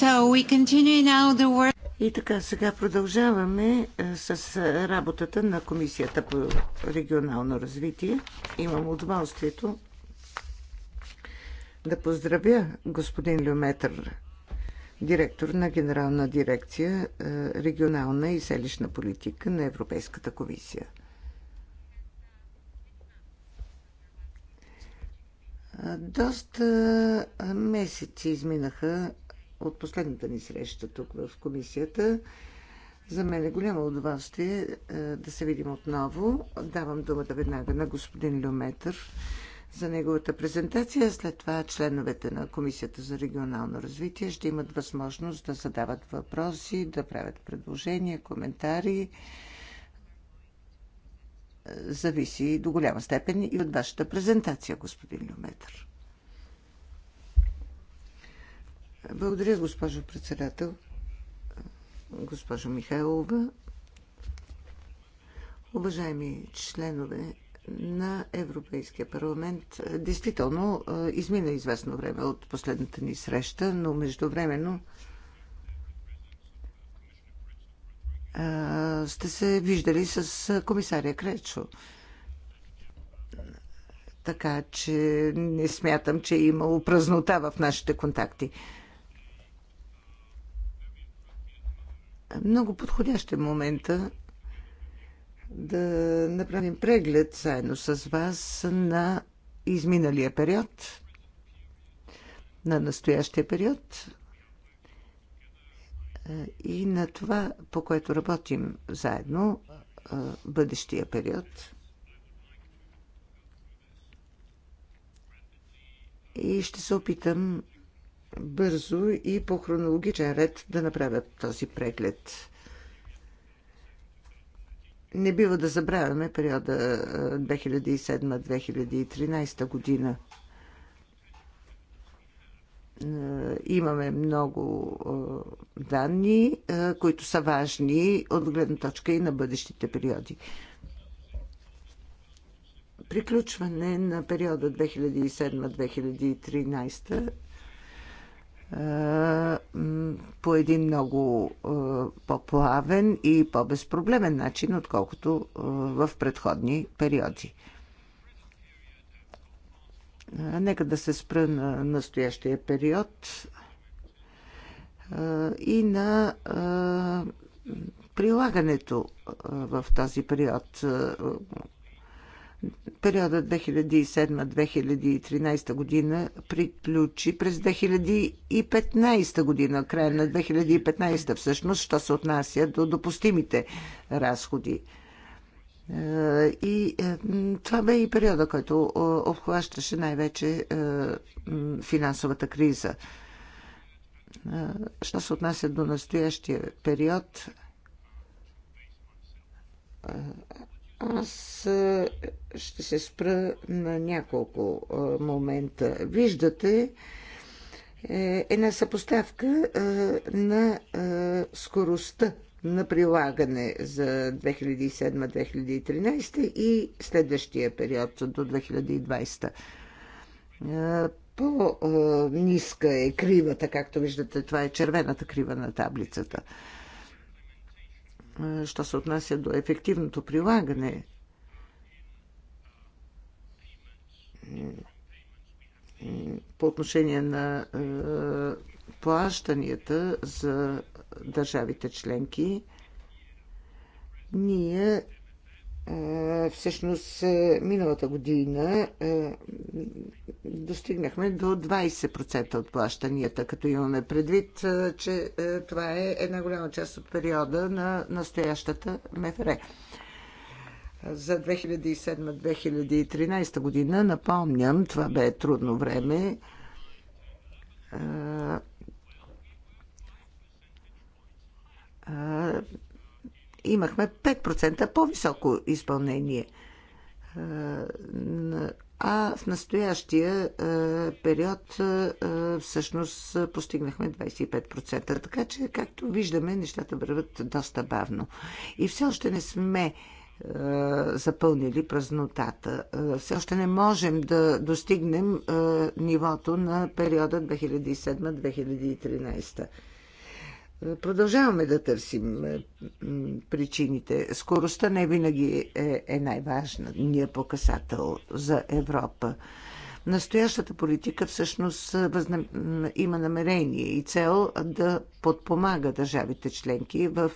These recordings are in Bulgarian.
So И така, сега продължаваме е, с е, работата на Комисията по регионално развитие. Имам удоволствието да поздравя господин Люметър, директор на Генерална дирекция е, регионална и селищна политика на Европейската комисия. Доста месеци изминаха от последната ни среща тук в комисията. За мен е голямо удоволствие е, да се видим отново. Давам думата веднага на господин Люметър за неговата презентация. След това членовете на Комисията за регионално развитие ще имат възможност да задават въпроси, да правят предложения, коментари. Е, зависи до голяма степен и от вашата презентация, господин Люметър. Благодаря, госпожо председател. Госпожо Михайлова, уважаеми членове на Европейския парламент, действително е, измина известно време от последната ни среща, но междувременно е, сте се виждали с комисаря Кречо. Така че не смятам, че е имало празнота в нашите контакти. много подходящ е момента да направим преглед заедно с вас на изминалия период, на настоящия период е, и на това, по което работим заедно е, бъдещия период. И ще се опитам бързо и по хронологичен ред да направят този преглед. Не бива да забравяме периода 2007-2013 година. Имаме много данни, които са важни от гледна точка и на бъдещите периоди приключване на периода 2007-2013 по един много по-плавен и по-безпроблемен начин, отколкото в предходни периоди. Нека да се спра на настоящия период и на прилагането в този период. Периода 2007-2013 година приключи през 2015 година, края на 2015 всъщност, що се отнася до допустимите разходи. Е, и е, това бе и периода, който е, обхващаше най-вече финансовата криза. Що се отнася до настоящия период, аз ще се спра на няколко момента. Виждате е, една съпоставка на скоростта на прилагане за 2007-2013 и следващия период до 2020. По-ниска е кривата, както виждате, това е червената крива на таблицата що се отнася до ефективното прилагане по отношение на плащанията за държавите членки, ние всъщност миналата година достигнахме до 20% от плащанията, като имаме предвид, че това е една голяма част от периода на настоящата МФР. За 2007-2013 година, напомням, това бе трудно време имахме 5% по-високо изпълнение. А в настоящия период всъщност постигнахме 25%. Така че, както виждаме, нещата върват доста бавно. И все още не сме запълнили празнотата. Все още не можем да достигнем нивото на периода 2007-2013. Продължаваме да търсим причините. Скоростта не винаги е, е най-важният е показател за Европа. Настоящата политика всъщност има намерение и цел да подпомага държавите членки в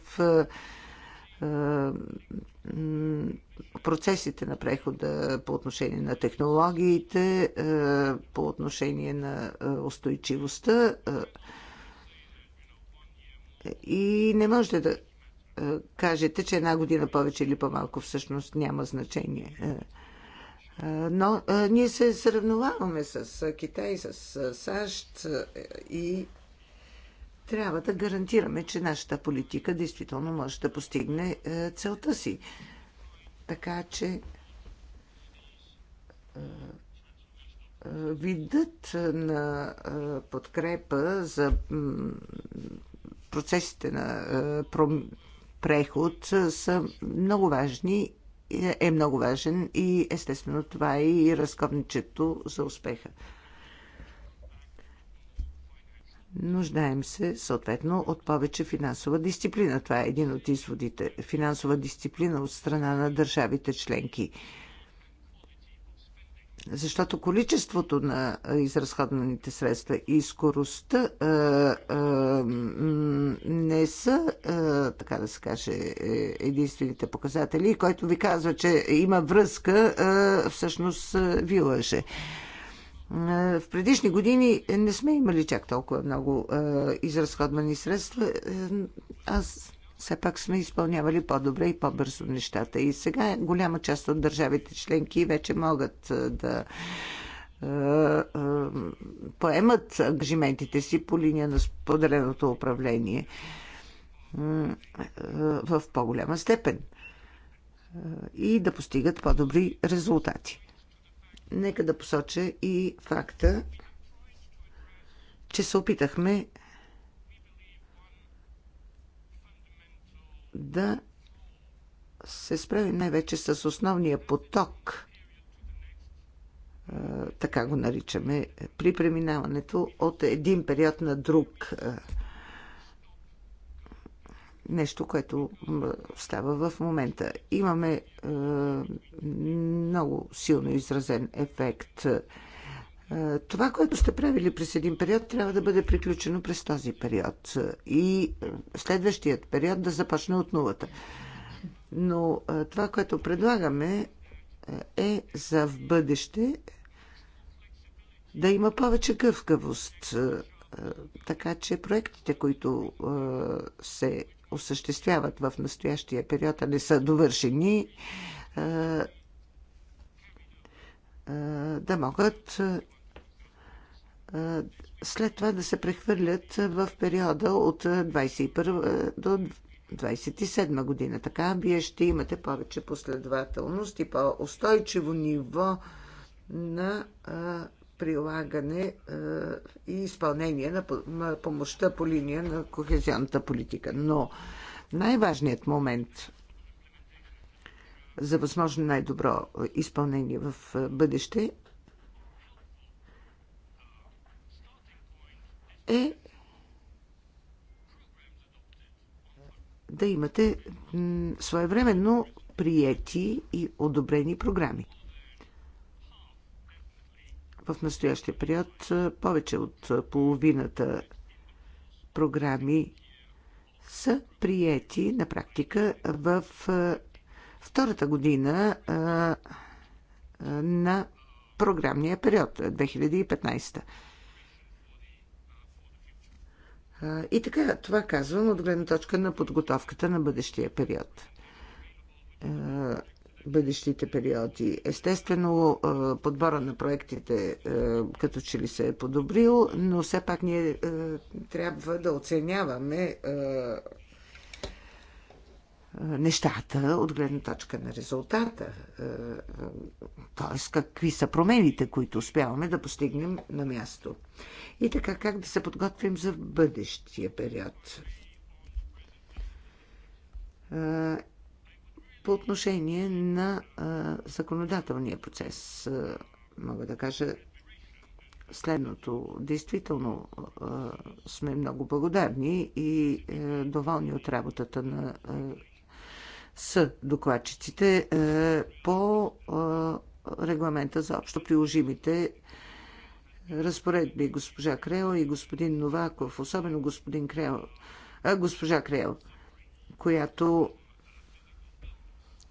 процесите на прехода по отношение на технологиите, по отношение на устойчивостта и не можете да кажете, че една година повече или по-малко всъщност няма значение. Но ние се сравноваваме с Китай, с САЩ и трябва да гарантираме, че нашата политика действително може да постигне целта си. Така че видът на подкрепа за процесите на е, преход са много важни, е, е много важен и естествено това е и разковничето за успеха. Нуждаем се, съответно, от повече финансова дисциплина. Това е един от изводите. Финансова дисциплина от страна на държавите членки. Защото количеството на изразходваните средства и скоростта а, а, не са, а, така да се каже, е, единствените показатели. който ви казва, че има връзка, а, всъщност ви лъже. В предишни години не сме имали чак толкова много изразходвани средства. Аз все пак сме изпълнявали по-добре и по-бързо нещата. И сега голяма част от държавите членки вече могат да поемат ангажиментите си по линия на споделеното управление в по-голяма степен и да постигат по-добри резултати. Нека да посоча и факта, че се опитахме да се справим най-вече с основния поток, е, така го наричаме, при преминаването от един период на друг. Е, нещо, което става в момента. Имаме е, много силно изразен ефект е, това, което сте правили през един период, трябва да бъде приключено през този период. Е, и е, следващият период да започне от нулата. Но това, което предлагаме, е за в бъдеще да има повече гъвкавост. Така че проектите, които се осъществяват в настоящия период, а не са довършени, да могат след това да се прехвърлят в периода от 21 до 27 година. Така вие ще имате повече последователност и по-устойчиво ниво на прилагане и изпълнение на помощта по линия на кохезионната политика. Но най-важният момент за възможно най-добро изпълнение в бъдеще е да имате своевременно приети и одобрени програми. В настоящия период повече от половината програми са приети на практика в втората година на програмния период 2015. И така, това казвам от гледна точка на подготовката на бъдещия период. Бъдещите периоди. Естествено, подбора на проектите като че ли се е подобрил, но все пак ние трябва да оценяваме е, нещата от гледна точка на резултата. Т.е. Е, какви са промените, които успяваме да постигнем на място. И така, как да се подготвим за бъдещия период. Е, по отношение на законодателния процес, мога да кажа следното. Действително сме много благодарни и доволни от работата на с докладчиците е, по е, регламента за общо приложимите разпоредби госпожа Крел и господин Новаков, особено господин Крео, а, госпожа Крел, която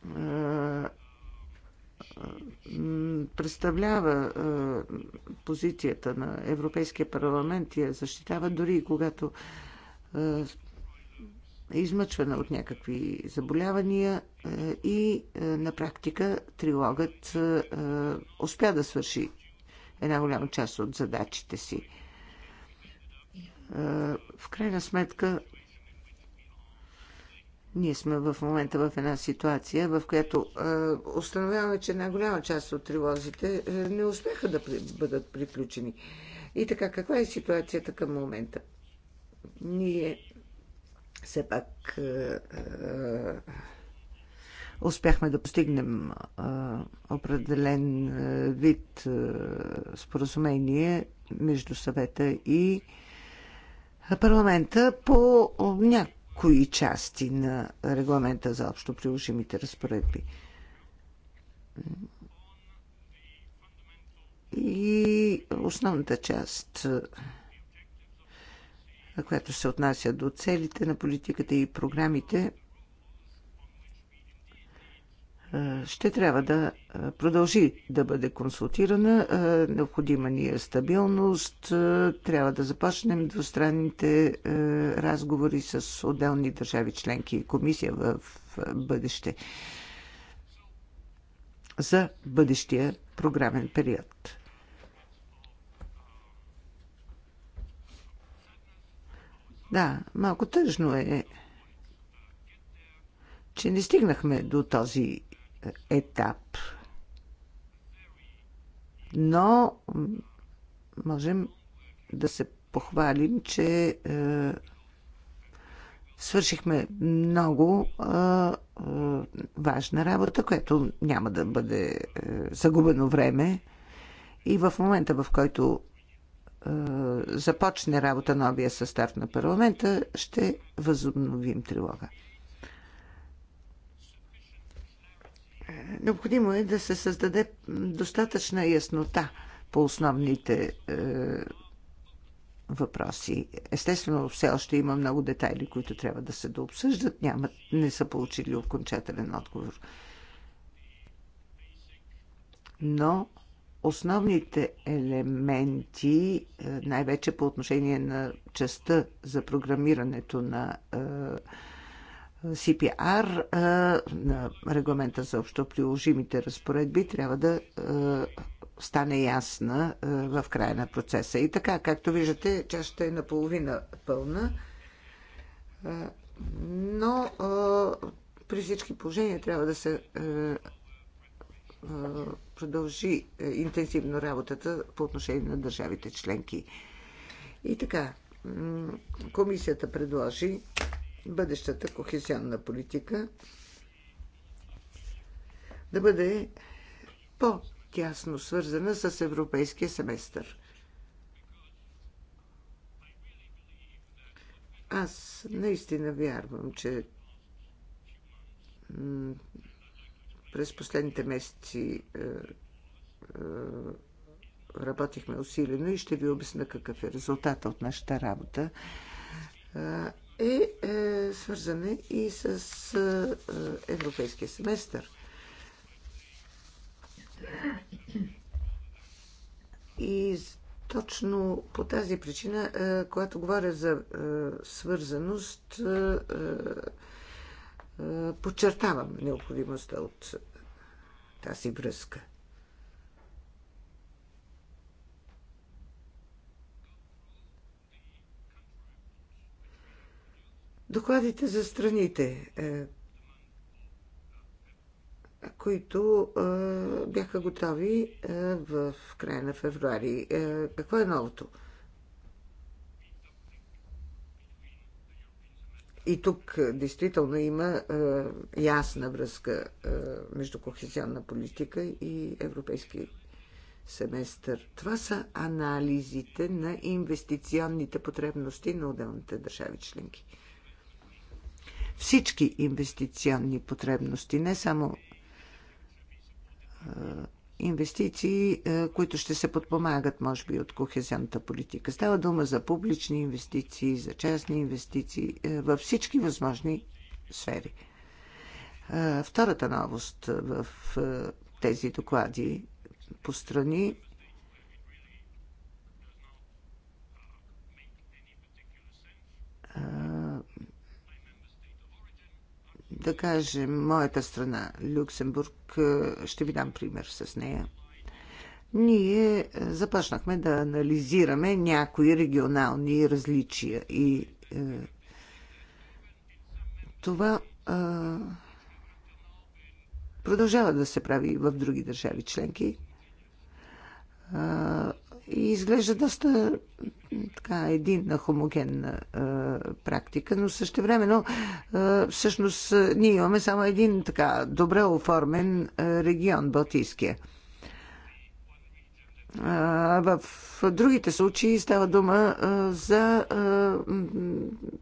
е, представлява позицията на Европейския парламент и я защитава дори когато измъчвана от някакви заболявания е, и е, на практика трилогът е, успя да свърши една голяма част от задачите си. В крайна сметка, ние сме в момента в една ситуация, в която установяваме, че една голяма част от трилозите не успяха да бъдат приключени. И така, каква е ситуацията към момента? Ние все пак е, е, успяхме да постигнем е, определен вид споразумение между съвета и парламента по някои части на регламента за общо приложимите разпоредби. И основната част която се отнася до целите на политиката и програмите, е, ще трябва да е, продължи да бъде консултирана. Е, необходима ни е стабилност. Трябва да започнем двустранните разговори с отделни държави членки и комисия в бъдеще за бъдещия програмен период. Да, малко тъжно е, че не стигнахме до този е, етап. Но можем да се похвалим, че е, свършихме много е, е, важна работа, която няма да бъде е, загубено време. И в момента, в който е, започне работа новия състав на парламента, ще възобновим трилога. Е, необходимо е да се създаде достатъчна яснота по основните е, въпроси. Естествено, все още има много детайли, които трябва да се дообсъждат. Няма, не са получили окончателен отговор. Но основните елементи, е, най-вече по отношение на частта за програмирането на е, CPR, е, на регламента за общо приложимите разпоредби, трябва да стане ясна в края на процеса. И така, както виждате, чашата е наполовина пълна, но при всички положения трябва да се продължи е, интенсивно работата по отношение на държавите членки. И така, комисията предложи бъдещата кохезионна политика да бъде по-тясно свързана с европейския семестър. Аз наистина вярвам, че през последните месеци е, е, работихме усилено и ще ви обясна какъв е резултата от нашата работа. Е, е, е свързане и с е, европейския семестър. И точно по тази причина, когато говоря за свързаност, е, подчертавам необходимостта от тази връзка. Докладите за страните, е, които е, бяха готови в края на февруари. Какво е новото? И тук е, действително има е, ясна връзка е, между кохезионна политика и европейски семестър. Това са анализите на инвестиционните потребности на отделните държави членки. Всички инвестиционни потребности, не само е, инвестиции, е, които ще се подпомагат, може би, от кохезионната политика. Става дума за публични инвестиции, за частни инвестиции, е, във всички възможни сфери. Е, втората новост в тези доклади по страни да кажем, моята страна, Люксембург, е, ще ви дам пример с нея. Ние е, започнахме да анализираме някои регионални различия и е, това е, продължава да се прави в други държави членки. Е, и изглежда доста така единна, хомогенна а, практика, но същевременно е, всъщност ние имаме само един така добре оформен е, регион, Балтийския. В другите случаи става дума за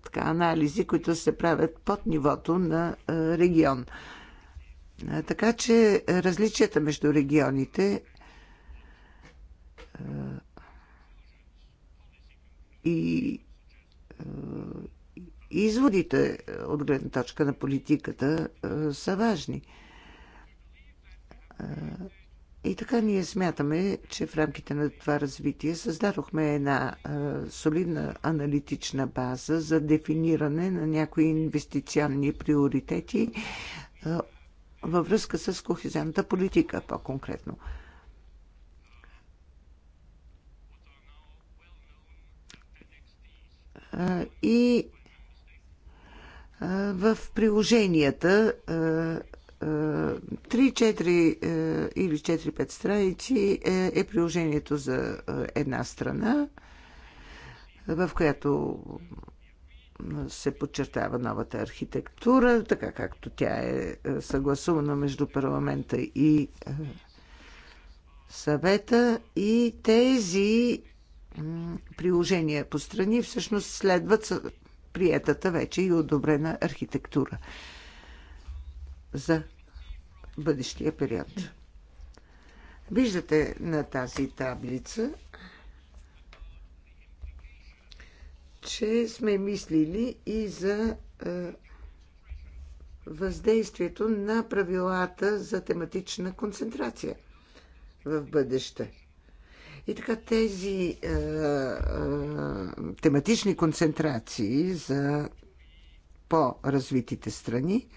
така, анализи, които се правят под нивото на регион. Така че различията между регионите и изводите от гледна точка на политиката са важни. И така ние смятаме, че в рамките на това развитие създадохме една солидна аналитична база за дефиниране на някои инвестиционни приоритети във връзка с кохезионната политика по-конкретно. и в приложенията 3-4 или 4-5 страници е, е приложението за една страна, в която се подчертава новата архитектура, така както тя е, е съгласувана между парламента и съвета. И тези приложения по страни всъщност следват приетата вече и одобрена архитектура за бъдещия период. Виждате на тази таблица, че сме мислили и за е, въздействието на правилата за тематична концентрация в бъдеще. И така тези е, е, тематични концентрации за по-развитите страни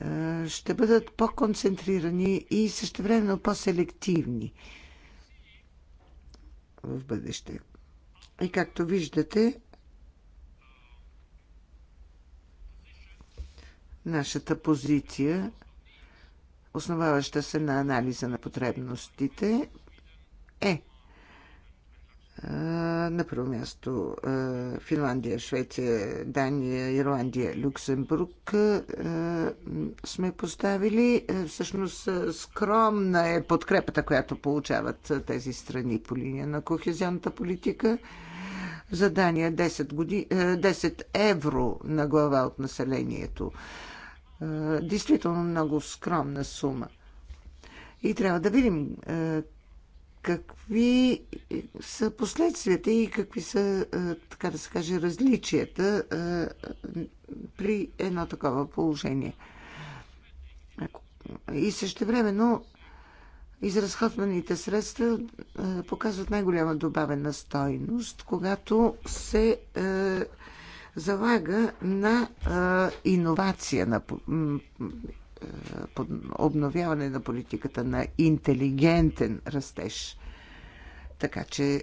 е, ще бъдат по-концентрирани и същевременно по-селективни в бъдеще. И както виждате, нашата позиция основаваща се на анализа на потребностите, е на първо място Финландия, Швеция, Дания, Ирландия, Люксембург сме поставили. Всъщност скромна е подкрепата, която получават тези страни по линия на кохезионната политика. За Дания 10, годи... 10 евро на глава от населението е, действително много скромна сума. И трябва да видим е, какви са последствията и какви са, е, така да се каже, различията при едно такова положение. И също времено изразходваните средства показват най-голяма добавена стойност, когато се залага на иновация, на обновяване на политиката на интелигентен растеж. Така че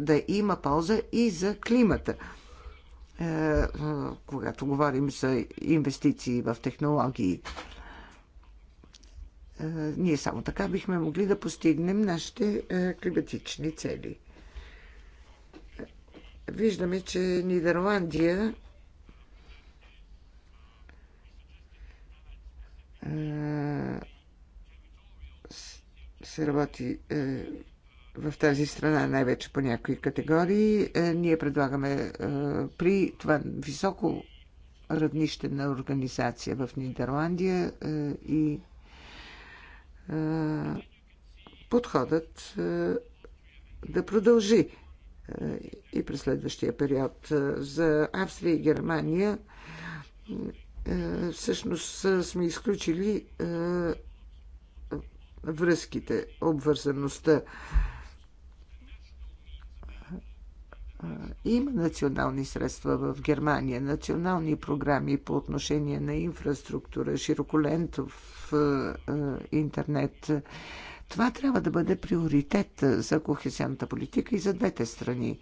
да има полза и за климата. Когато говорим за инвестиции в технологии, ние само така бихме могли да постигнем нашите климатични цели виждаме, че Нидерландия се работи е, в тази страна най-вече по някои категории. Е, ние предлагаме е, при това високо равнище на организация в Нидерландия и подходът да продължи и през следващия период. Е, за Австрия и Германия е, всъщност е, сме изключили връзките, обвързаността. Има национални средства в Германия, национални програми по отношение на инфраструктура, широколентов интернет. Това трябва да бъде приоритет е, за кохесионната политика и за двете страни.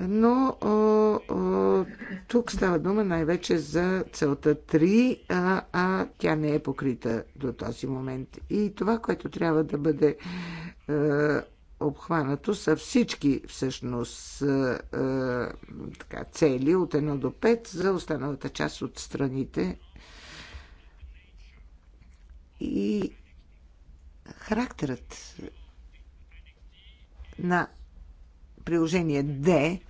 Но тук става дума най-вече за целта 3, а, а тя не е покрита до този момент. И това, което трябва да бъде е, обхванато, са всички всъщност е, е така, цели от 1 до 5 за останалата част от страните и характерът на приложение D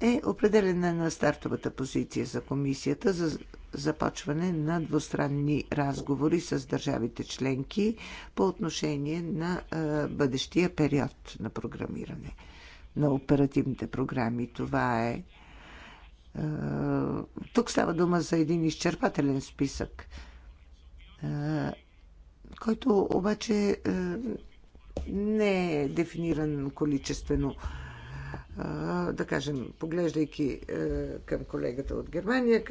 е определена на стартовата позиция за комисията за започване на двустранни разговори с държавите членки по отношение на бъдещия период на програмиране на оперативните програми. Това е е, тук става дума за един изчерпателен списък, е, който обаче е, не е дефиниран количествено. Да кажем, поглеждайки към колегата от Германия,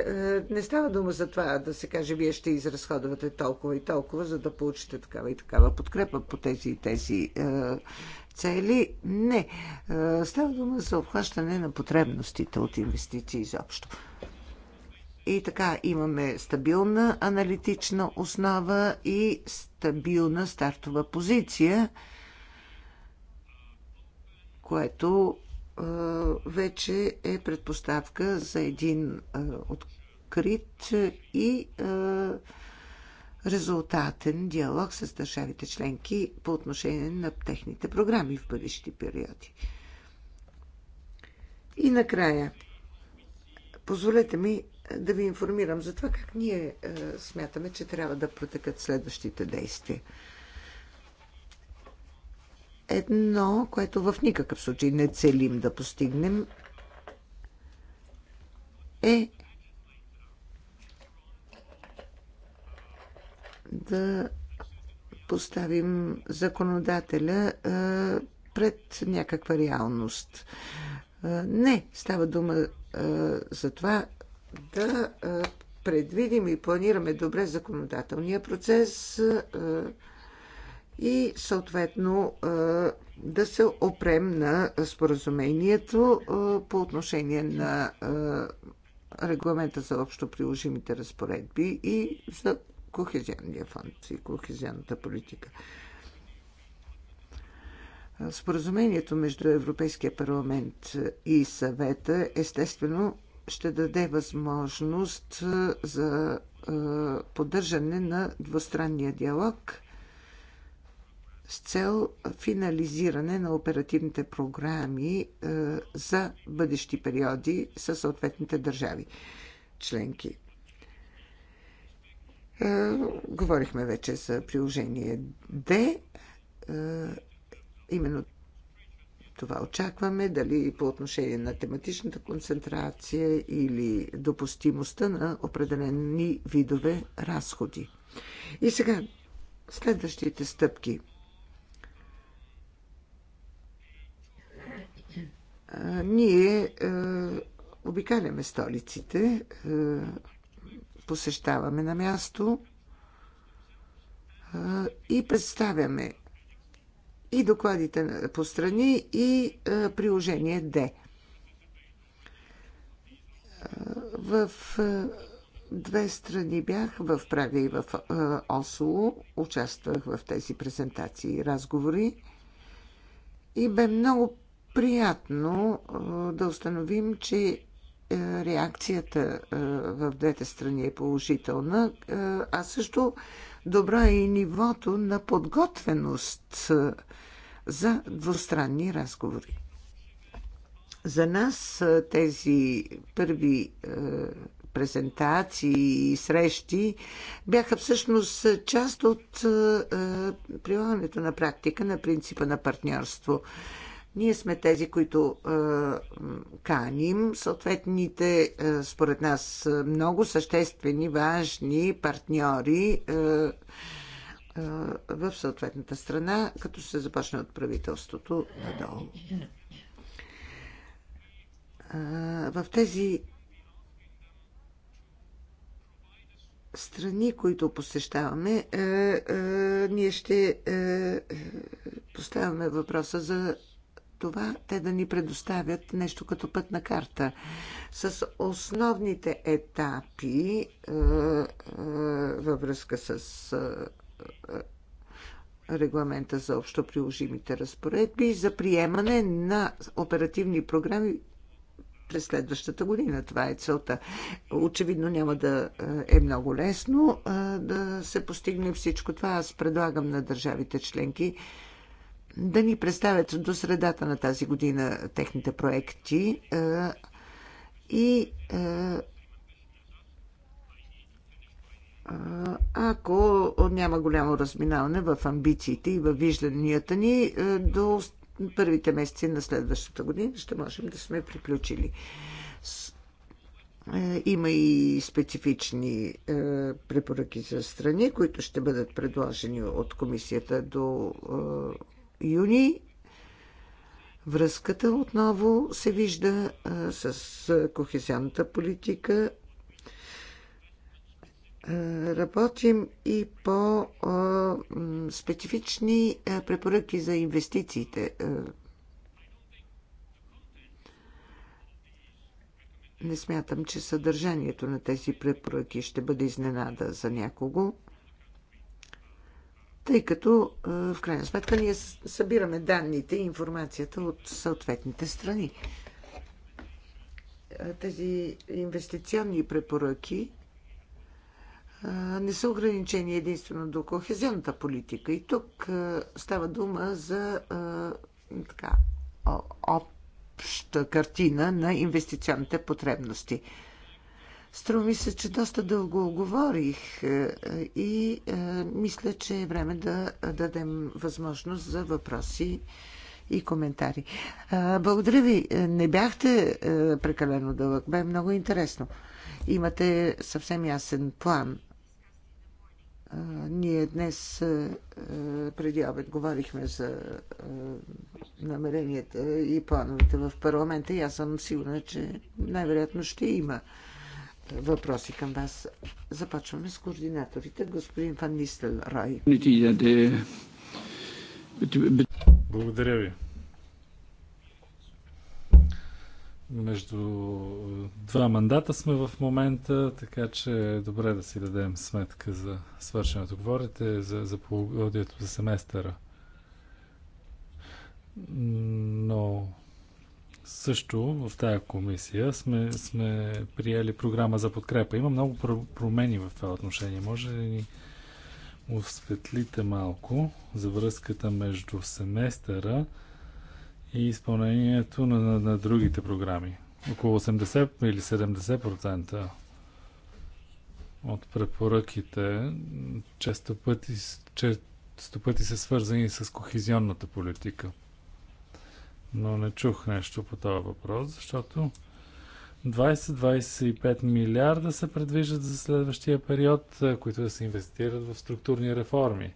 не става дума за това да се каже, вие ще изразходвате толкова и толкова, за да получите такава и такава подкрепа по тези и тези цели. Не. Е, става дума за обхващане на потребностите от инвестиции изобщо. И така, имаме стабилна аналитична основа и стабилна стартова позиция, което е, вече е предпоставка за един е, открит и резултатен диалог с държавите членки по отношение на техните програми в бъдещи периоди. И накрая, позволете ми да ви информирам за това как ние е, смятаме, че трябва да протекат следващите действия. Едно, което в никакъв случай не целим да постигнем, е да поставим законодателя пред някаква реалност. Не, става дума за това да предвидим и планираме добре законодателния процес и съответно да се опрем на споразумението по отношение на регламента за общо приложимите разпоредби и за Кохезионния фонд и кохезионната политика. Споразумението между Европейския парламент и съвета естествено ще даде възможност за поддържане на двустранния диалог с цел финализиране на оперативните програми за бъдещи периоди със съответните държави членки. Е, говорихме вече за приложение D. Е, именно това очакваме, дали по отношение на тематичната концентрация или допустимостта на определени видове разходи. И сега, следващите стъпки. Е, ние е, обикаляме столиците. Е, посещаваме на място и представяме и докладите по страни и приложение Д. В две страни бях, в Прага и в Осло. Участвах в тези презентации и разговори. И бе много приятно да установим, че е, реакцията е, в двете страни е положителна, е, а също добра е и нивото на подготвеност за двустранни разговори. За нас тези първи презентации и срещи бяха всъщност част от прилагането на практика на принципа на партньорство. Ние сме тези, които е, каним съответните, е, според нас, много съществени, важни партньори е, е, в съответната страна, като се започне от правителството надолу. Е, в тези страни, които посещаваме, е, е, ние ще е, е поставяме въпроса за това те да ни предоставят нещо като пътна карта с основните етапи е, е, във връзка с е, регламента за общо приложимите разпоредби за приемане на оперативни програми през следващата година. Това е целта. Очевидно няма да е много лесно е, да се постигне всичко това. Аз предлагам на държавите членки да ни представят до средата на тази година техните проекти и ако няма голямо разминаване в амбициите и в вижданията ни до първите месеци на следващата година, ще можем да сме приключили. Има и специфични препоръки за страни, които ще бъдат предложени от комисията до юни. Връзката отново се вижда с кохезионната политика. Работим и по специфични препоръки за инвестициите. Не смятам, че съдържанието на тези препоръки ще бъде изненада за някого тъй като в крайна сметка ние събираме данните и информацията от съответните страни. Тези инвестиционни препоръки не са ограничени единствено до кохезионната политика. И тук става дума за така, обща картина на инвестиционните потребности ми се, че доста дълго говорих е, и е, мисля, че е време да дадем възможност за въпроси и коментари. Е, благодаря ви. Не бяхте прекалено дълъг. Бе много интересно. Имате съвсем ясен план. Ние днес преди обед говорихме за намеренията и плановете в парламента и аз съм сигурна, че най-вероятно ще има въпроси към вас. Започваме с координаторите. Господин Ван Нистел Рай. Благодаря ви. Между е, два мандата сме в момента, така че е добре да си дадем сметка за свършеното. Говорите за, за полугодието, за семестъра. Но също в тази комисия сме, сме приели програма за подкрепа. Има много промени в това отношение. Може ли ни осветлите малко за връзката между семестъра и изпълнението на, на, на другите програми? Около 80 или 70% от препоръките често пъти, често пъти са свързани с кохезионната политика – но не чух нещо по този въпрос, защото 20-25 милиарда се предвиждат за следващия период, които да се инвестират в структурни реформи.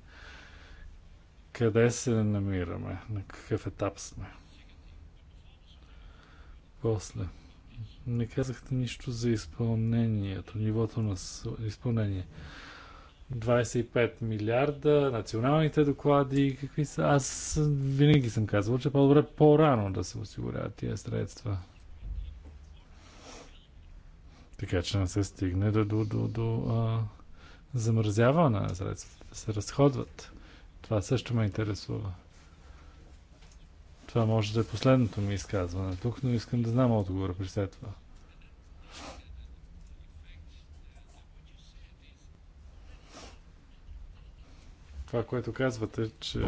Къде се намираме? На какъв етап сме? После. Не казахте нищо за изпълнението, нивото на изпълнение. 25 милиарда, националните доклади, какви са. Аз винаги съм казвал, че по-добре по-рано да се осигуряват тия средства. Така че не се стигне до, до, до, до а, замързяване на средствата, да се разходват. Това също ме интересува. Това може да е последното ми изказване тук, но искам да знам отговора при след това. това, което казвате, че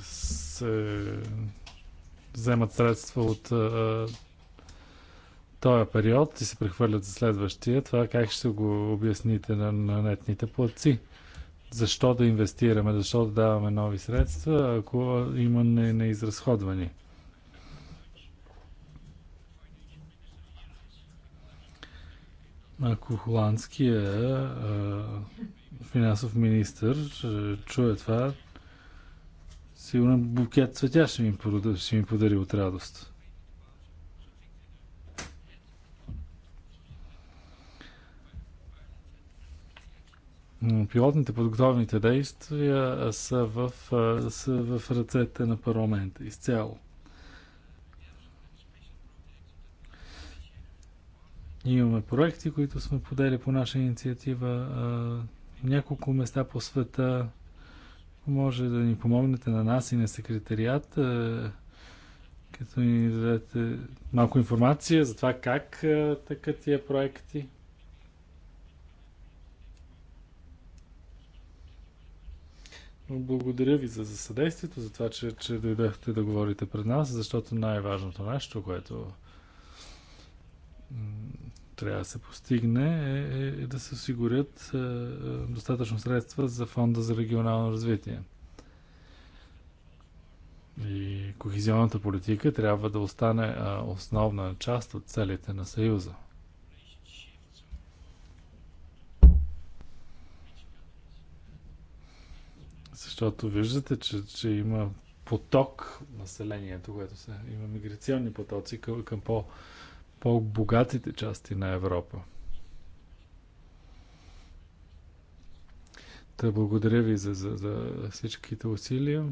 се вземат средства от а, този период и се прехвърлят за следващия, това как ще го обясните на, на нетните платци? Защо да инвестираме, защо да даваме нови средства, ако има не, Ако холандския финансов министр е, чуе това, сигурно букет цветя ще ми, подари, ще ми подари от радост. Пилотните подготовните действия са в, е, са в ръцете на парламента изцяло. Имаме проекти, които сме подели по наша инициатива е, няколко места по света. Може да ни помогнете на нас и на секретариат, е, като ни дадете малко информация за това как е, така тия проекти. Благодаря ви за, за съдействието, за това, че, че дойдахте да говорите пред нас, защото най-важното нещо, което трябва да се постигне е, е, е да се осигурят е, е, достатъчно средства за фонда за регионално развитие. И кохезионната политика трябва да остане е, основна част от целите на Съюза. Защото виждате, че, че има поток населението, което се има миграционни потоци към, към по- по-богатите части на Европа. Та благодаря ви за, за, за всичките усилия.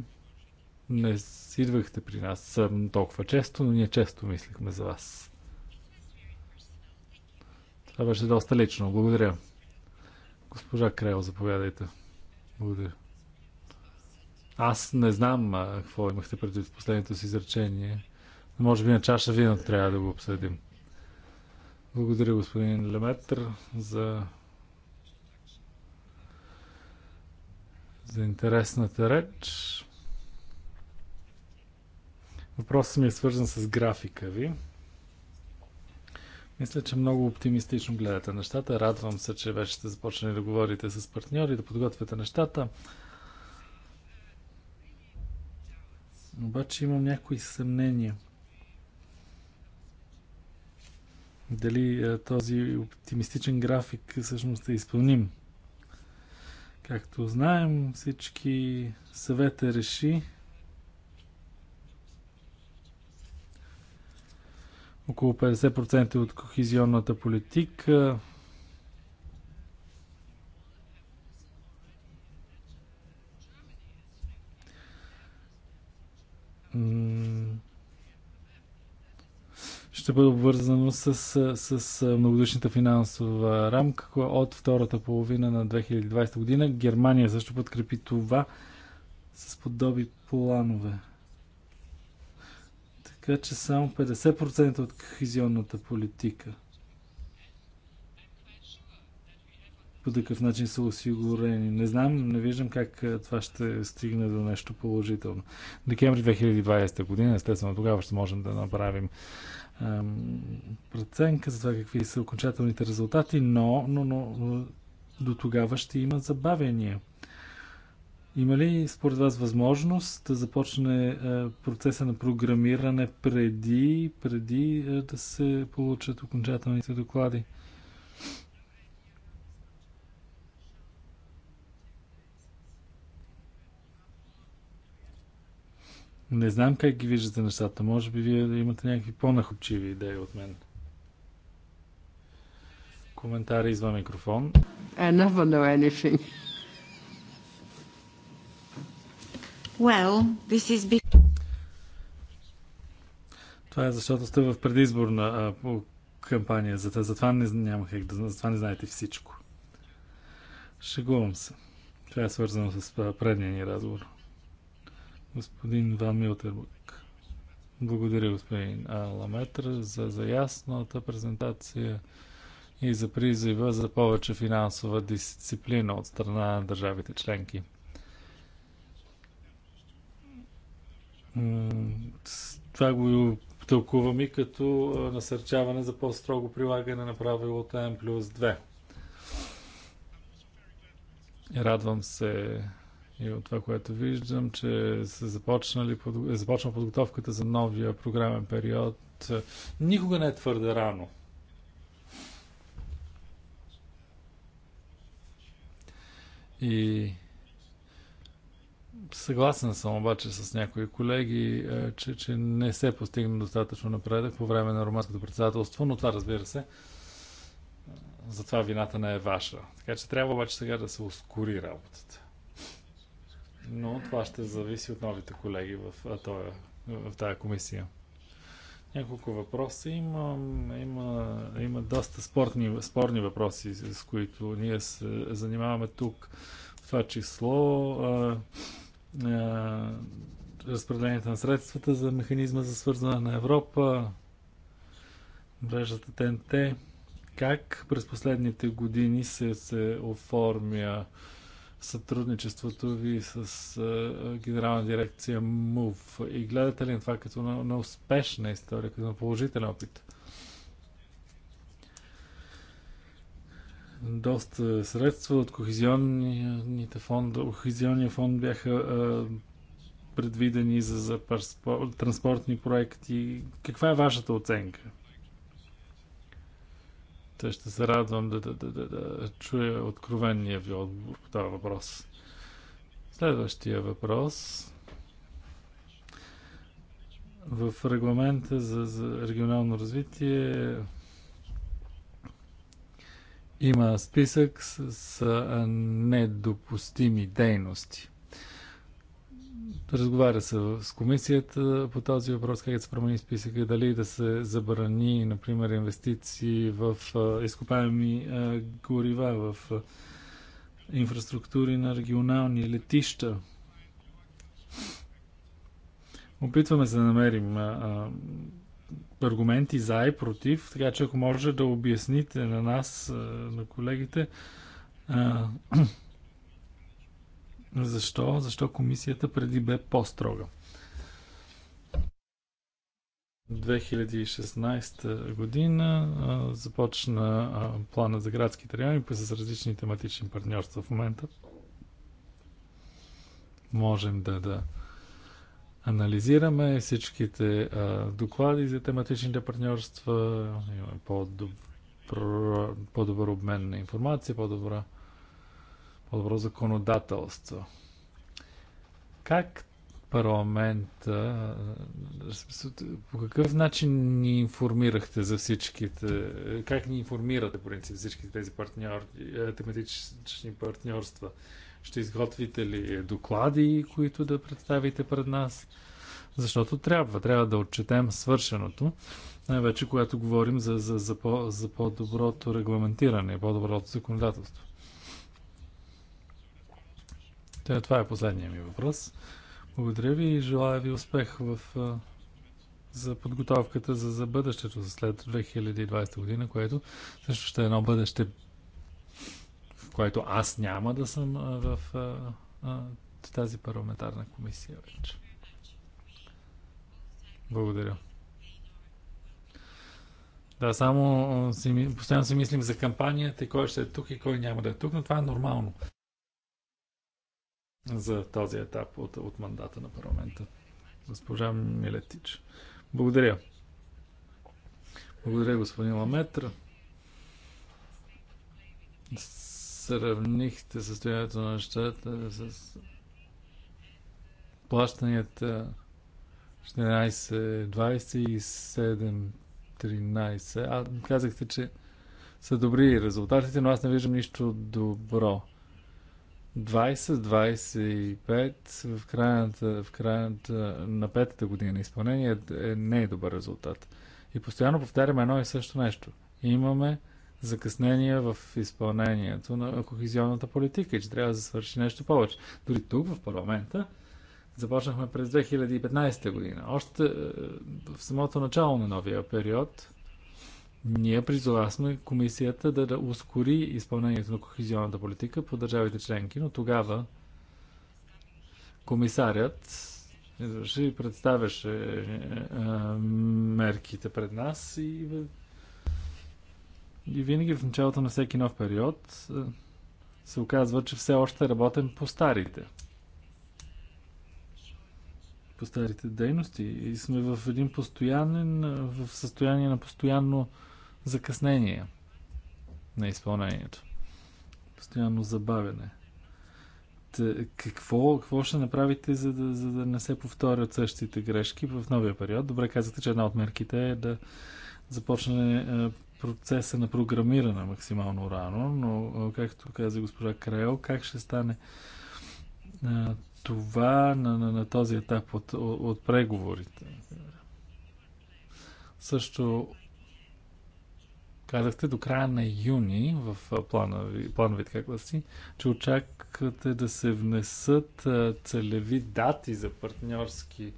Не идвахте при нас толкова често, но ние често мислихме за вас. Това беше доста лично. Благодаря. Госпожа Крел, заповядайте. Благодаря. Аз не знам а, какво имахте предвид в последното си изречение. Може би на чаша вино трябва да го обсъдим. Благодаря, господин Леметър, за, за интересната реч. Въпросът ми е свързан с графика ви. Мисля, че много оптимистично гледате нещата. Радвам се, че вече сте започнали да говорите с партньори, да подготвяте нещата. Обаче имам някои съмнения – дали е, този оптимистичен график всъщност е изпълним. Както знаем, всички съвета реши около 50% от кохизионната политика ще бъде обвързано с, с, с многодушната финансова рамка от втората половина на 2020 година. Германия също подкрепи това с подоби планове. Така че само 50% от кохезионната политика по такъв начин са осигурени. Не знам, не виждам как това ще стигне до нещо положително. Декември 2020 година, естествено, тогава ще можем да направим преценка за това какви са окончателните резултати, но, но, но до тогава ще има забавения. Има ли според вас възможност да започне е, процеса на програмиране преди, преди е, да се получат окончателните доклади? Не знам как ги виждате нещата. Може би вие да имате някакви по-нахопчиви идеи от мен. Коментари извън микрофон. I never know anything. Well, this is big... Това е защото сте в предизборна а, кампания. Затова, затова не, няма затова не знаете всичко. Шегувам се. Това е свързано с предния ни разговор. Господин Ван Милтербург. Благодаря, господин Аламетър за, за ясната презентация и за призива за повече финансова дисциплина от страна на държавите членки. Това го тълкувам и като насърчаване за по-строго прилагане на правилото N плюс 2. Радвам се и от това, което виждам, че са започнали, е започнал подготовката за новия програмен период. Никога не е твърде рано. И съгласен съм обаче с някои колеги, е, че, че не се е постигна достатъчно напредък по време на романското председателство, но това разбира се, е, затова вината не е ваша. Така че трябва обаче сега да се ускори работата но това ще зависи от новите колеги в, тоя, в тая комисия. Няколко въпроса има, има, има доста спортни, спорни въпроси, с които ние се занимаваме тук. В това число а, а, разпределението на средствата за механизма за свързване на Европа, мрежата ТНТ, как през последните години се, се оформя а, сътрудничеството ви с а, генерална дирекция МУВ и гледате ли на това като на, на успешна история, като на положителен опит? Доста средства от Кохизионните фонд, кохезионния фонд бяха а, предвидени за, за транспортни проекти. Каква е вашата оценка? Той ще се радвам да, да, да, да, да чуя откровения ви отговор по този въпрос. Следващия въпрос. В регламента за, за регионално развитие има списък с, с недопустими дейности – Разговаря се с комисията по този въпрос, как да се промени списъка дали да се забрани, например, инвестиции в изкопаеми горива, в инфраструктури на регионални летища. Опитваме се да намерим аргументи за и против, така че ако може да обясните на нас, на колегите, защо? Защо комисията преди бе по-строга? 2016 година а, започна а, плана за градските райони с различни тематични партньорства в момента. Можем да, да анализираме всичките а, доклади за тематичните партньорства, имаме по-добър, по-добър обмен на информация, по-добра по-добро законодателство. Как парламента, по какъв начин ни информирахте за всичките, как ни информирате, по принцип, всичките тези партньор, е, тематични партньорства? Ще изготвите ли доклади, които да представите пред нас? Защото трябва, трябва да отчетем свършеното, най-вече когато говорим за, за, за, по, за по-доброто регламентиране, по-доброто законодателство. Това е последният ми въпрос. Благодаря ви и желая ви успех в, за подготовката за, за бъдещето, за след 2020 година, което също ще е едно бъдеще, в което аз няма да съм в, в, в тази парламентарна комисия вече. Благодаря. Да, само си, постоянно си мислим за кампанията и кой ще е тук и кой няма да е тук, но това е нормално за този етап от, от мандата на парламента. Госпожа Милетич. Благодаря. Благодаря, господин Ламетр. Сравнихте състоянието на нещата с плащанията 14-20 и 7-13. А, казахте, че са добри резултатите, но аз не виждам нищо добро. 20-25 в крайната, в крайната на петата година на изпълнение е, не е добър резултат. И постоянно повтаряме едно и също нещо. Имаме закъснение в изпълнението на кохезионната политика и че трябва да се свърши нещо повече. Дори тук в парламента започнахме през 2015 година. Още е, в самото начало на новия период ние призовахме комисията да, да ускори изпълнението на кохезионната политика по държавите членки, но тогава комисарят и представяше а, мерките пред нас и, и винаги в началото на всеки нов период се оказва, че все още работим по старите. По старите дейности и сме в един постоянен, в състояние на постоянно закъснение на изпълнението. Постоянно забавяне. Та, какво, какво ще направите, за да, за да не се повторят същите грешки в новия период? Добре казвате, че една от мерките е да започне е, процеса на програмиране максимално рано, но е, както каза госпожа Крайл, как ще стане е, това на, на, на този етап от, от преговорите? Също Казахте до края на юни в планови, плановите класи, че очаквате да се внесат целеви дати за партньорски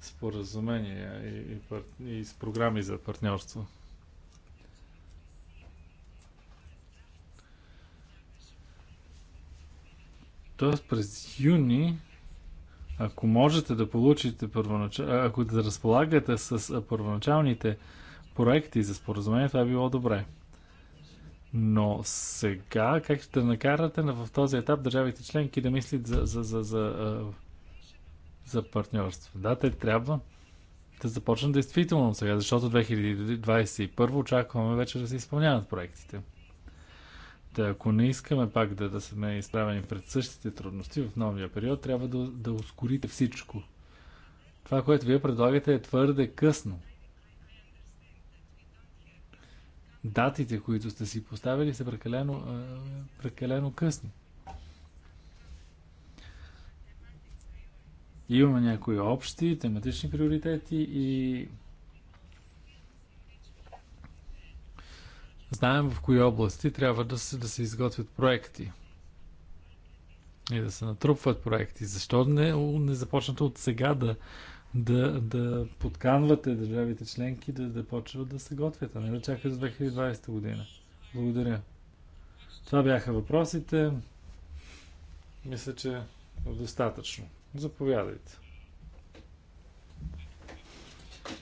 споразумения и, и, и с програми за партньорство. Тоест през юни, ако можете да получите първоначал... ако да разполагате с първоначалните проекти за споразумение, това е било добре. Но сега, как ще накарате в този етап държавите членки да мислят за, за, за, за, за партньорство? Да, те трябва да започнат действително сега, защото 2021 очакваме вече да се изпълняват проектите. Та ако не искаме пак да, да сме изправени пред същите трудности в новия период, трябва да, да ускорите всичко. Това, което вие предлагате е твърде късно. датите, които сте си поставили, са прекалено, прекалено късни. Имаме някои общи тематични приоритети и знаем в кои области трябва да се, да се изготвят проекти и да се натрупват проекти. Защо не, не започнат от сега да да, да подканвате държавите членки да, да почват да се готвят, а не да чакат за 2020 година. Благодаря. Това бяха въпросите. Мисля, че достатъчно. Заповядайте.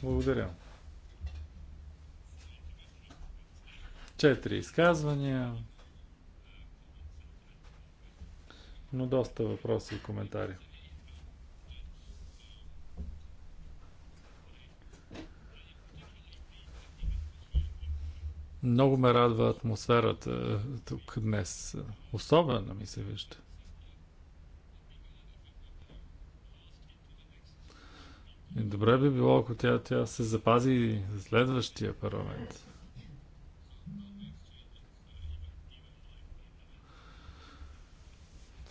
Благодаря. Четири изказвания, но доста въпроси и коментари. Много ме радва атмосферата е, тук днес. Особено ми се вижда. И добре би било, ако тя, тя се запази за следващия парламент.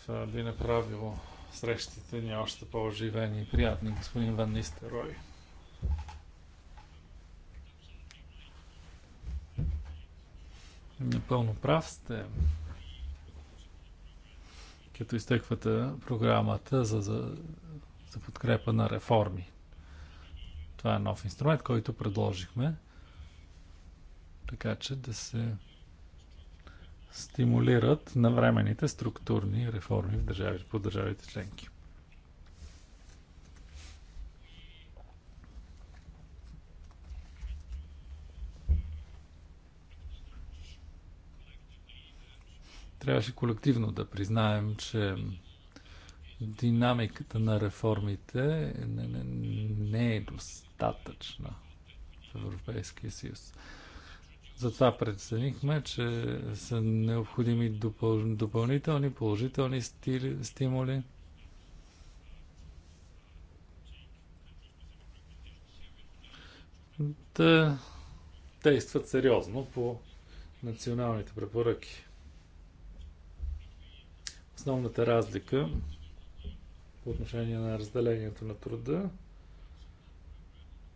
Това би направило срещите ни още по-оживени и приятни, господин Ван Нистерой. Напълно прав сте. Като изтъквате програмата за, за, за подкрепа на реформи. Това е нов инструмент, който предложихме, така че да се стимулират навременните структурни реформи в държавите, по държавите членки. трябваше колективно да признаем, че динамиката на реформите не, не, не е достатъчна в Европейския съюз. Затова преценихме, че са необходими допъл... допълнителни положителни стили... стимули. Да действат сериозно по националните препоръки. Основната разлика по отношение на разделението на труда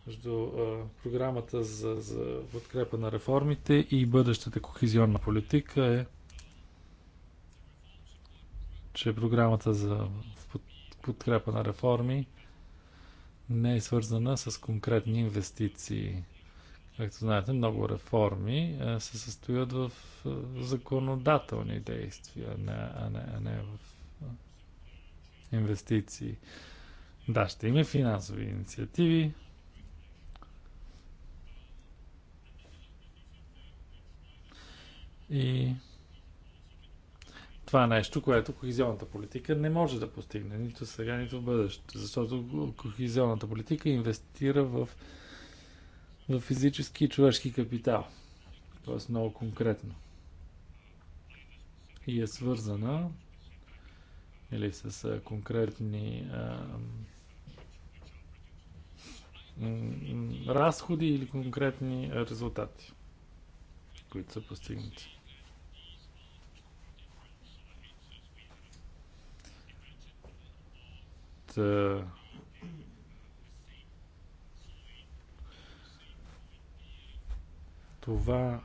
между а, програмата за, за подкрепа на реформите и бъдещата кохезионна политика е, че програмата за подкрепа на реформи не е свързана с конкретни инвестиции. Както знаете, много реформи се състоят в законодателни действия, а не, а не в инвестиции. Да, ще има финансови инициативи. И това е нещо, което кохизионната политика не може да постигне нито сега, нито в бъдеще, защото кохизионната политика инвестира в в физически и човешки капитал. Тоест много конкретно. И е свързана или нали, с конкретни а, разходи или конкретни резултати, които са постигнати. Та, Това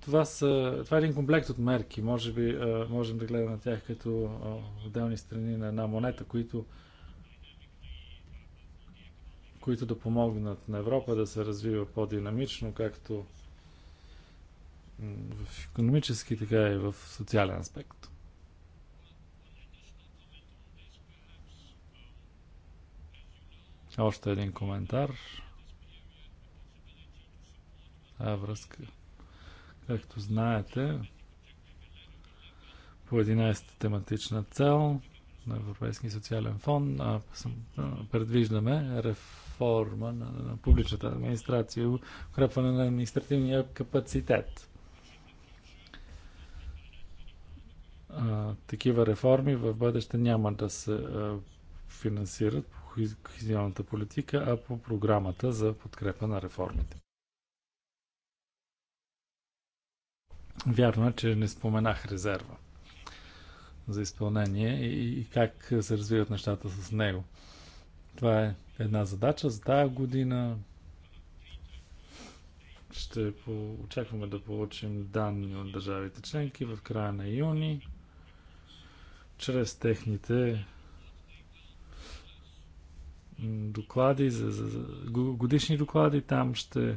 това, са, това е един комплект от мерки. Може би а, можем да гледаме на тях като а, отделни страни на една монета, които, които да помогнат на Европа да се развива по-динамично, както в економически, така и в социален аспект. Още един коментар връзка. Както знаете, по 11 тематична цел на Европейския социален фонд а, предвиждаме реформа на, на публичната администрация и укрепване на административния капацитет. А, такива реформи в бъдеще няма да се а, финансират по хизионната политика, а по програмата за подкрепа на реформите. Вярно е, че не споменах резерва за изпълнение и, и как се развиват нещата с него. Това е една задача за тази година. Ще по... очакваме да получим данни от държавите членки в края на юни, чрез техните доклади, за, за, за, годишни доклади. Там ще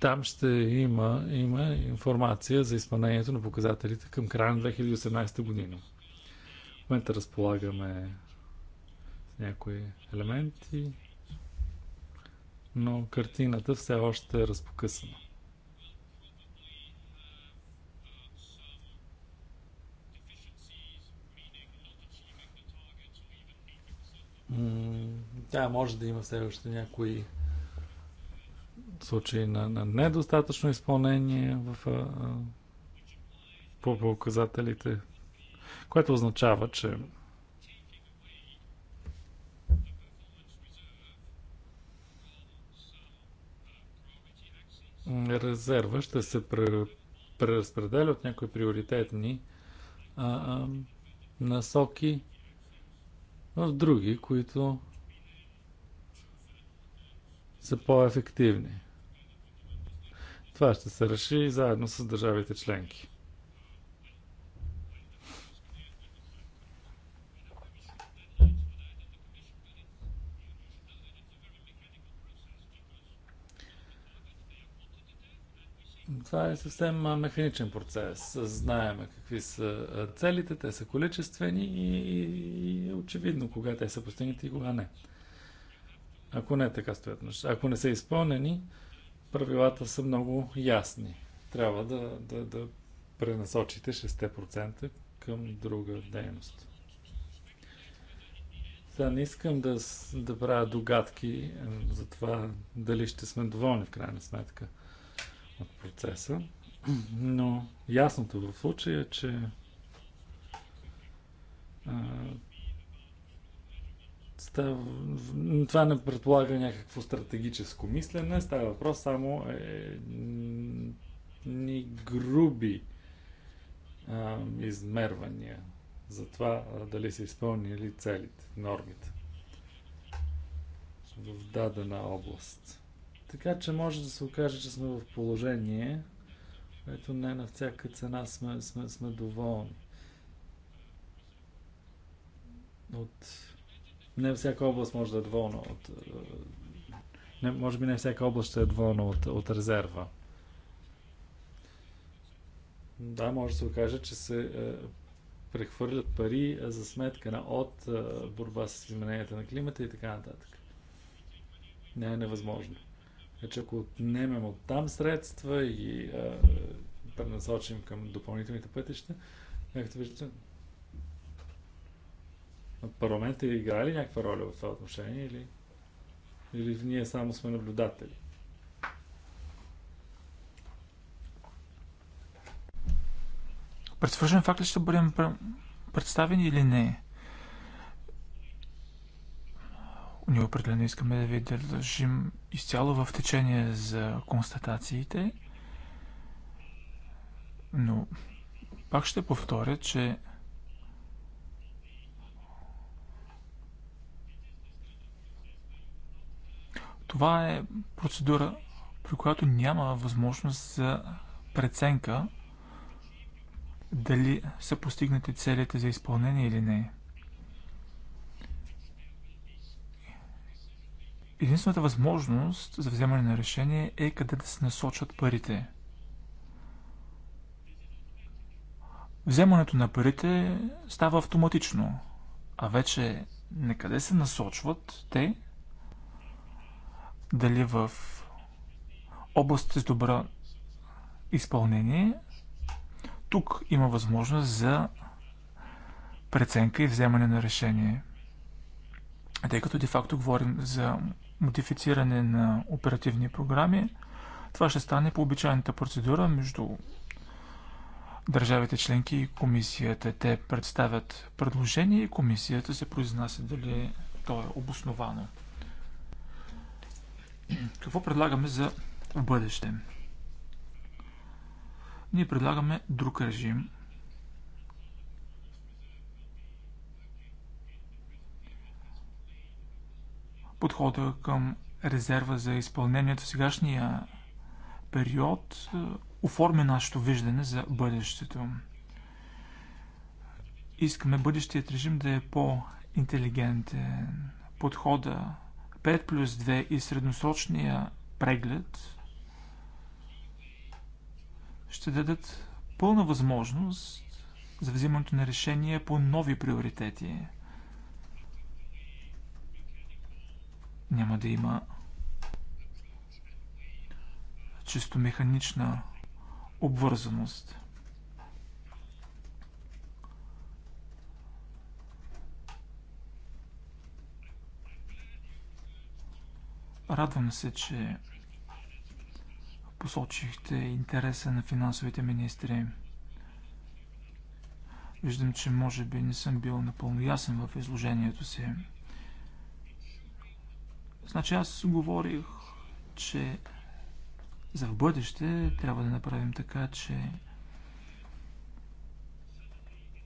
Там ще има, има информация за изпълнението на показателите към края на 2018 година. В момента разполагаме с някои елементи, но картината все още е разпокъсана. Тя, може да има все още някои случаи на, на недостатъчно изпълнение в, а, по показателите, което означава, че резерва ще се преразпределя от някои приоритетни а, а, насоки в други, които са по-ефективни. Това ще се реши заедно с държавите членки. Това е съвсем механичен процес. Знаеме какви са целите, те са количествени и, очевидно кога те са постигнати и кога не. Ако не така стоят неща, ако не са изпълнени, правилата са много ясни. Трябва да, да, да пренасочите 6% към друга дейност. Да, не искам да, да правя догадки е, за това дали ще сме доволни в крайна сметка от процеса, но ясното в случая е, че Става, това не предполага някакво стратегическо мислене, става въпрос само е, ни груби а, измервания за това дали са изпълнили целите, нормите в дадена област. Така че може да се окаже, че сме в положение, което не на всяка цена сме, сме, сме доволни от не всяка област може да е доволна от... Е, не, може би не всяка област ще е доволна от, от резерва. Да, може да се окаже, че се е, прехвърлят пари е, за сметка на от е, борба с измененията на климата и така нататък. Не е невъзможно. Е, значи, че ако отнемем от там средства и е, е пренасочим към допълнителните пътища, както виждате, парламента играе ли някаква роля в това отношение или, или ние само сме наблюдатели? Предсвържен факт ли ще бъдем представени или не? Ние определено искаме да ви държим изцяло в течение за констатациите, но пак ще повторя, че Това е процедура, при която няма възможност за преценка дали са постигнати целите за изпълнение или не. Единствената възможност за вземане на решение е къде да се насочат парите. Вземането на парите става автоматично, а вече на къде се насочват те дали в областите с добро изпълнение. Тук има възможност за преценка и вземане на решение. Тъй като де-факто говорим за модифициране на оперативни програми, това ще стане по обичайната процедура между държавите членки и комисията. Те представят предложение и комисията се произнася дали то е обосновано. Какво предлагаме за в бъдеще? Ние предлагаме друг режим. Подхода към резерва за изпълнението в сегашния период е, оформя нашето виждане за бъдещето. Искаме бъдещият режим да е по-интелигентен. Подхода 5 плюс 2 и средносрочния преглед ще дадат пълна възможност за взимането на решения по нови приоритети. Няма да има чисто механична обвързаност. Радвам се, че посочихте интереса на финансовите министри. Виждам, че може би не съм бил напълно ясен в изложението си. Значи аз говорих, че за в бъдеще трябва да направим така, че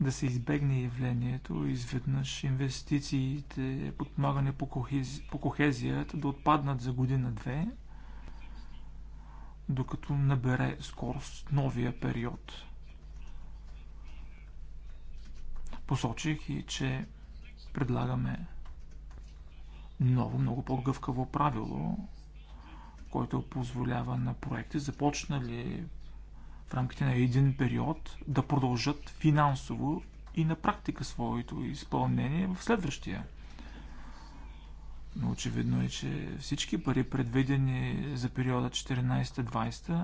да се избегне явлението изведнъж инвестициите, подпомагане по, кохези, по кохезията да отпаднат за година-две, докато набере скорост новия период. Посочих и, че предлагаме ново, много по-гъвкаво правило, което позволява на проекти, започнали в рамките на един период да продължат финансово и на практика своето изпълнение в следващия. Но очевидно е, че всички пари, предвидени за периода 14-20,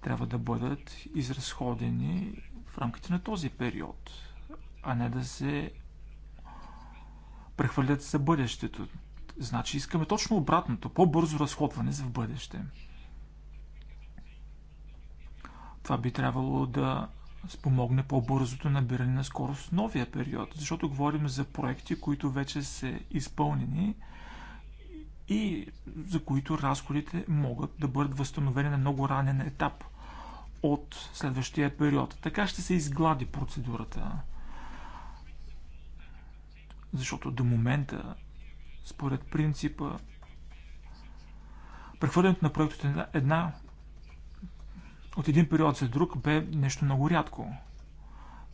трябва да бъдат изразходени в рамките на този период, а не да се прехвърлят за бъдещето. Значи искаме точно обратното, по-бързо разходване за в бъдеще. Това би трябвало да спомогне по-бързото набиране на скорост в новия период, защото говорим за проекти, които вече са изпълнени и за които разходите могат да бъдат възстановени на много ранен етап от следващия период. Така ще се изглади процедурата. Защото до момента, според принципа, прехвърлянето на проектите на една от един период за друг бе нещо много рядко.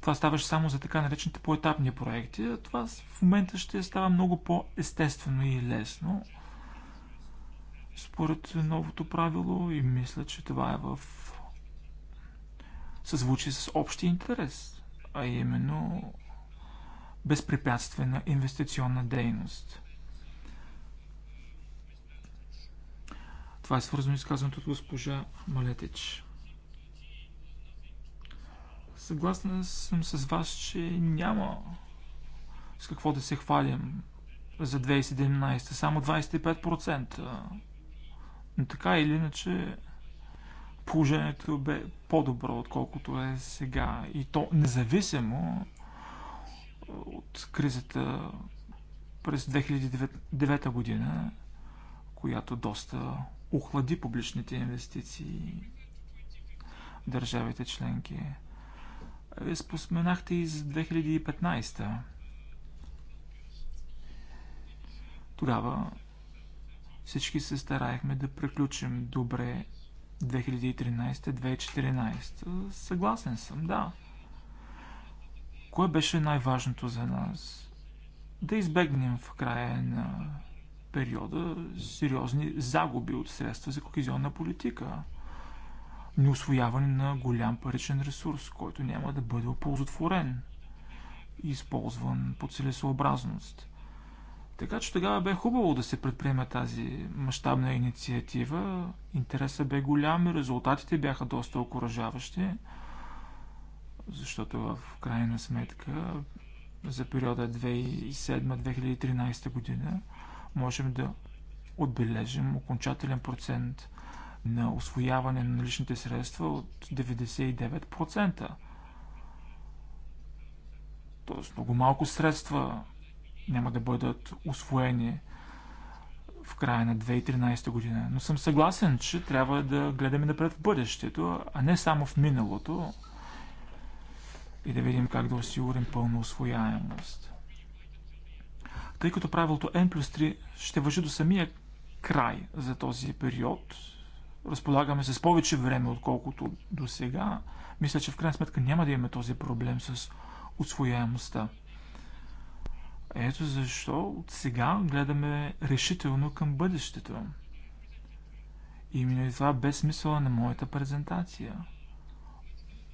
Това ставаше само за така наречените поетапни проекти, а това в момента ще става много по-естествено и лесно според новото правило и мисля, че това е в съзвучие с общи интерес, а именно безпрепятствена инвестиционна дейност. Това е свързано и с казаното от госпожа Малетич. Съгласна съм с вас, че няма с какво да се хвалим за 2017. Само 25%. Но така или иначе положението бе по-добро, отколкото е сега. И то независимо от кризата през 2009 година, която доста охлади публичните инвестиции държавите членки. Вие споменахте и за 2015. Тогава всички се стараехме да приключим добре 2013-2014. Съгласен съм, да. Кое беше най-важното за нас? Да избегнем в края на периода сериозни загуби от средства за кохезионна политика – неосвояване на голям паричен ресурс, който няма да бъде оползотворен и използван по целесообразност. Така че тогава бе хубаво да се предприеме тази мащабна инициатива. Интересът бе голям и резултатите бяха доста окоръжаващи, защото в крайна сметка за периода 2007-2013 година можем да отбележим окончателен процент на освояване на наличните средства от 99%. Тоест много малко средства няма да бъдат освоени в края на 2013 година. Но съм съгласен, че трябва да гледаме напред в бъдещето, а не само в миналото и да видим как да осигурим пълна освояемост. Тъй като правилото N плюс 3 ще въжи до самия край за този период, разполагаме с повече време, отколкото до сега, мисля, че в крайна сметка няма да имаме този проблем с усвояемостта. Ето защо от сега гледаме решително към бъдещето. Именно и е това без смисъла на моята презентация.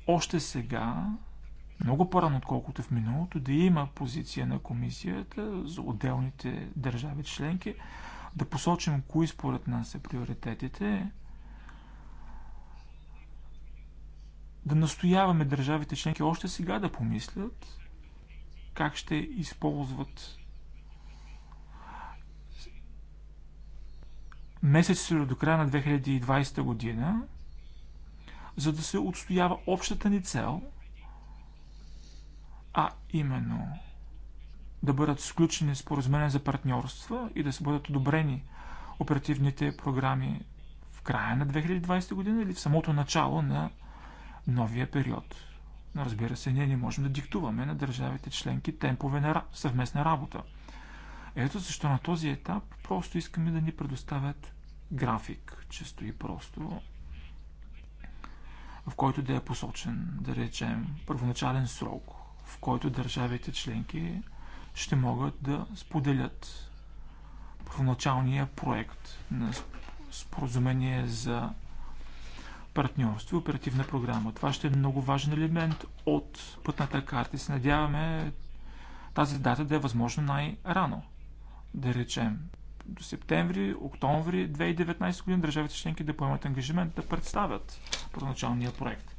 Още сега, много по-рано отколкото в миналото, да има позиция на комисията за отделните държави членки, да посочим кои според нас са приоритетите, да настояваме държавите членки още сега да помислят как ще използват месец до края на 2020 година, за да се отстоява общата ни цел, а именно да бъдат сключени споразумения за партньорства и да се бъдат одобрени оперативните програми в края на 2020 година или в самото начало на новия период. Но разбира се, ние не можем да диктуваме на държавите членки темпове на съвместна работа. Ето защо на този етап просто искаме да ни предоставят график, често и просто, в който да е посочен, да речем, първоначален срок, в който държавите членки ще могат да споделят първоначалния проект на споразумение за партньорство и оперативна програма. Това ще е много важен елемент от пътната карта и се надяваме тази дата да е възможно най-рано. Да речем до септември, октомври 2019 година държавите членки да поемат ангажимент да представят първоначалния проект,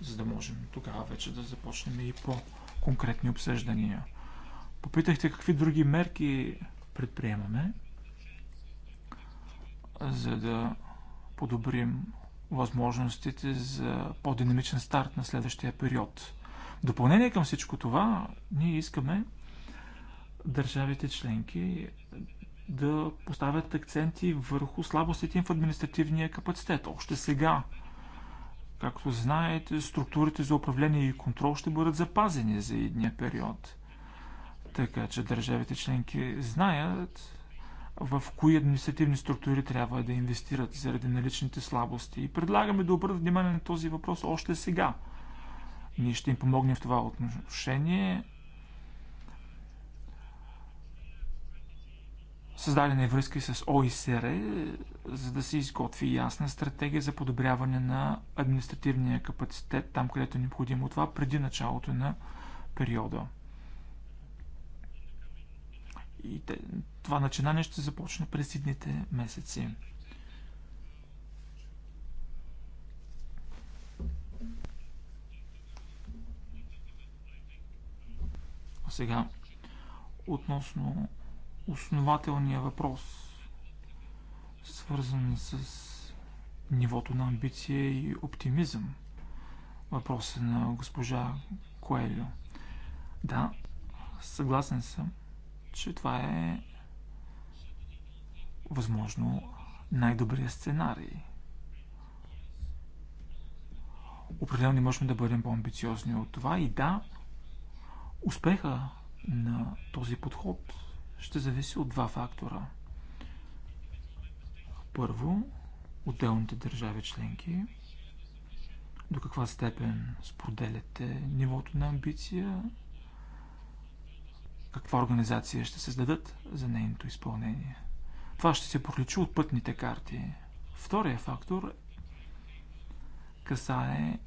за да можем тогава вече да започнем и по-конкретни обсъждания. Попитахте какви други мерки предприемаме, за да подобрим възможностите за по-динамичен старт на следващия период. В допълнение към всичко това, ние искаме държавите членки да поставят акценти върху слабостите им в административния капацитет. Още сега, както знаете, структурите за управление и контрол ще бъдат запазени за едния период. Така че държавите членки знаят, в кои административни структури трябва да инвестират заради наличните слабости. И предлагаме да обърнат внимание на този въпрос още сега. Ние ще им помогнем в това отношение. Създадена е връзка с ОИСР, за да се изготви ясна стратегия за подобряване на административния капацитет там, където е необходимо това, преди началото на периода. И те, това начинание ще започне през идните месеци. А сега, относно основателния въпрос, свързан с нивото на амбиция и оптимизъм. Въпроса е на госпожа Коелио. Да, съгласен съм че това е възможно най-добрият сценарий. Определено не можем да бъдем по-амбициозни от това и да, успеха на този подход ще зависи от два фактора. Първо, отделните държави членки, до каква степен споделяте нивото на амбиция каква организация ще създадат за нейното изпълнение. Това ще се проличи от пътните карти. Втория фактор касае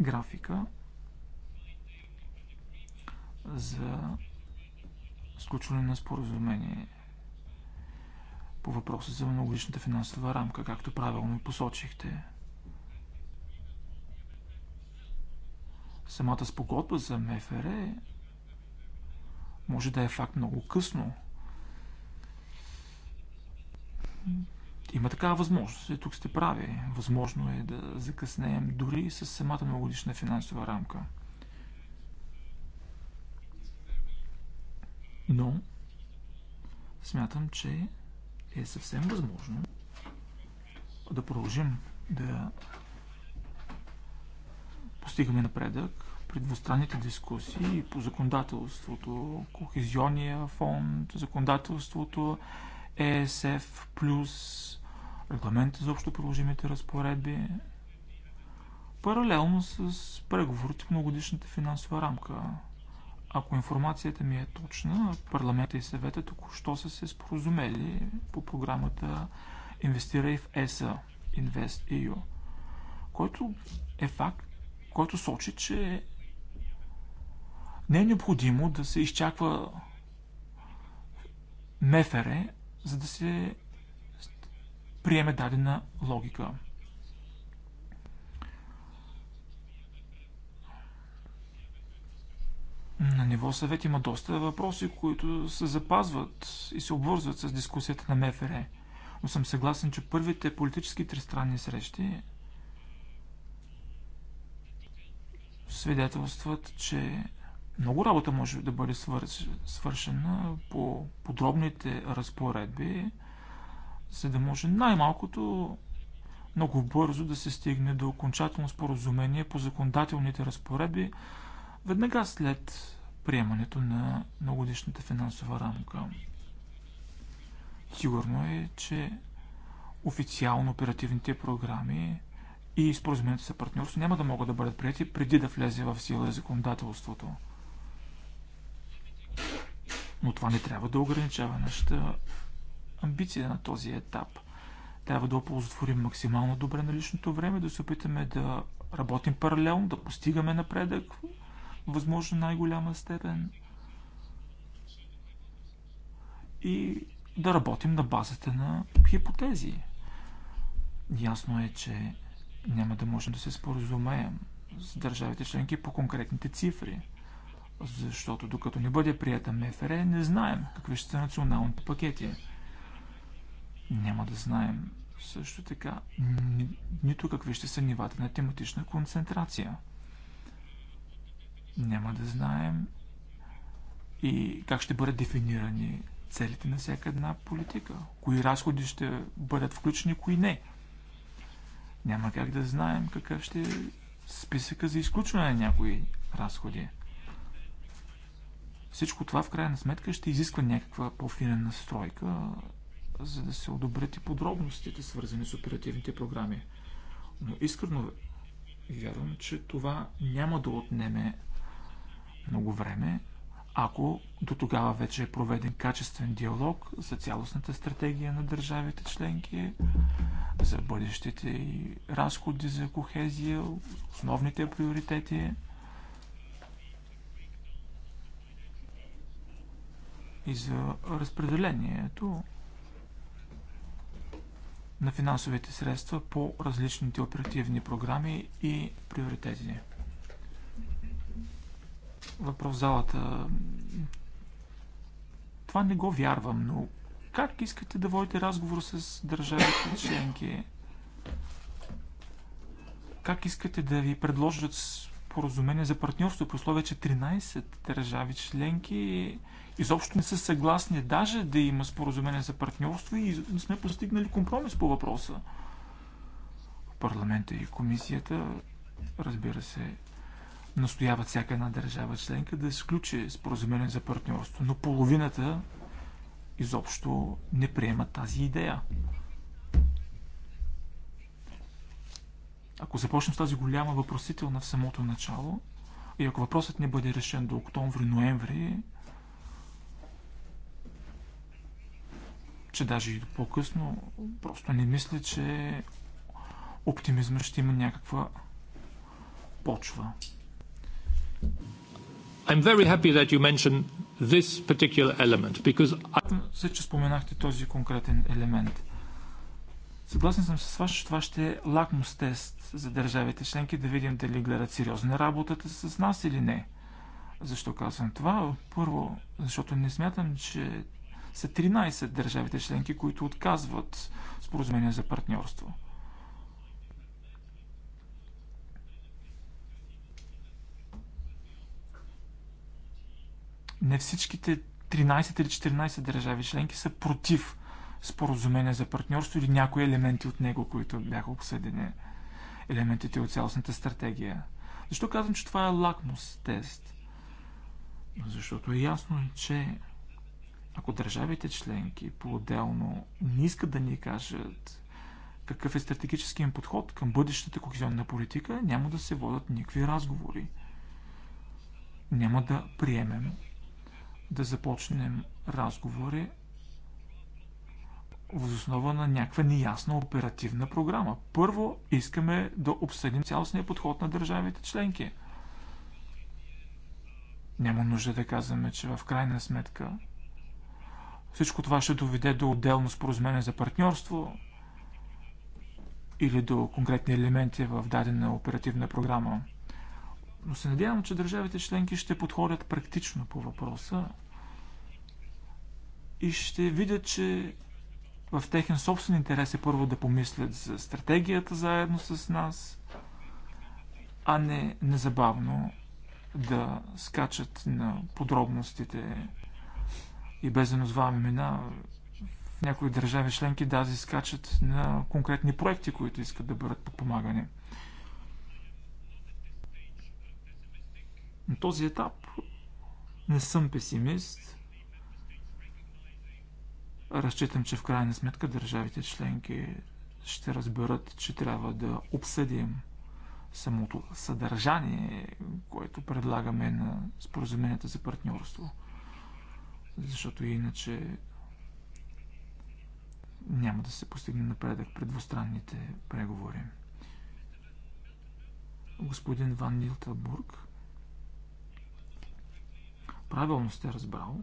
графика за сключване на споразумение по въпроса за многогодишната финансова рамка, както правилно посочихте. Самата спогодба за МФР е може да е факт много късно. Има такава възможност. И е, тук сте прави. Възможно е да закъснеем дори с самата многогодишна финансова рамка. Но смятам, че е съвсем възможно да продължим да постигаме напредък при двустранните дискусии по законодателството, Кохезионния фонд, законодателството ЕСФ+, регламента за общо приложимите разпоредби, паралелно с преговорите по многодишната финансова рамка. Ако информацията ми е точна, парламента и съвета току-що са се споразумели по програмата Инвестирай в ЕСА, Invest EU, който е факт, който сочи, че не е необходимо да се изчаква мефере, за да се приеме дадена логика. На ниво съвет има доста въпроси, които се запазват и се обвързват с дискусията на МФР. Но съм съгласен, че първите политически тристранни срещи свидетелстват, че много работа може да бъде свършена по подробните разпоредби, за да може най-малкото много бързо да се стигне до окончателно споразумение по законодателните разпоредби веднага след приемането на многодишната финансова рамка. Сигурно е, че официално оперативните програми и споразумението за партньорство няма да могат да бъдат прияти преди да влезе в сила законодателството. Но това не трябва да ограничава нашата амбиция на този етап. Трябва да оползотворим максимално добре на личното време, да се опитаме да работим паралелно, да постигаме напредък възможно най-голяма степен и да работим на базата на хипотези. Ясно е, че няма да можем да се споразумеем с държавите членки по конкретните цифри – защото докато не бъде прията МФР, не знаем какви ще са националните пакети. Няма да знаем също така ни, нито какви ще са нивата на тематична концентрация. Няма да знаем и как ще бъдат дефинирани целите на всяка една политика. Кои разходи ще бъдат включени, кои не. Няма как да знаем какъв ще е списъка за изключване на някои разходи. Всичко това в крайна сметка ще изисква някаква по-финен настройка, за да се одобрят и подробностите, свързани с оперативните програми. Но искрено вярвам, че това няма да отнеме много време, ако до тогава вече е проведен качествен диалог за цялостната стратегия на държавите членки, за бъдещите и разходи за кохезия, основните приоритети. и за разпределението на финансовите средства по различните оперативни програми и приоритети. Въпрос в залата. Това не го вярвам, но как искате да водите разговор с държавите членки? Как искате да ви предложат споразумение за партньорство, по условие, че 13 държави членки изобщо не са съгласни даже да има споразумение за партньорство и не сме постигнали компромис по въпроса. Парламента и комисията, разбира се, настояват всяка една държава членка да изключи споразумение за партньорство, но половината изобщо не приемат тази идея. Ако започнем с тази голяма въпросителна в самото начало, и ако въпросът не бъде решен до октомври-ноември, че даже и по-късно, просто не мисля, че оптимизма ще има някаква почва. I'm very happy that you mentioned this particular element because I... че споменахте този конкретен елемент. Съгласен съм с вас, че това ще е лакмус тест за държавите членки да видим дали гледат сериозна работата с нас или не. Защо казвам това? Първо, защото не смятам, че са 13 държавите членки, които отказват споразумение за партньорство. Не всичките 13 или 14 държави членки са против споразумение за партньорство или някои елементи от него, които бяха обсъдени. Елементите от цялостната стратегия. Защо казвам, че това е лакмус тест? Защото е ясно, че ако държавите членки по-отделно не искат да ни кажат какъв е стратегическият им подход към бъдещата кохезионна политика, няма да се водят никакви разговори. Няма да приемем да започнем разговори в основа на някаква неясна оперативна програма. Първо искаме да обсъдим цялостния подход на държавите членки. Няма нужда да казваме, че в крайна сметка всичко това ще доведе до отделно споразумение за партньорство или до конкретни елементи в дадена оперативна програма. Но се надявам, че държавите членки ще подходят практично по въпроса и ще видят, че в техен собствен интерес е първо да помислят за стратегията заедно с нас, а не незабавно да скачат на подробностите и без да назваваме имена, в някои държави членки даже скачат на конкретни проекти, които искат да бъдат подпомагани. На този етап не съм песимист. Разчитам, че в крайна сметка държавите членки ще разберат, че трябва да обсъдим самото съдържание, което предлагаме на споразуменията за партньорство защото иначе няма да се постигне напредък пред двустранните преговори. Господин Ван Нилтабург, правилно сте разбрал,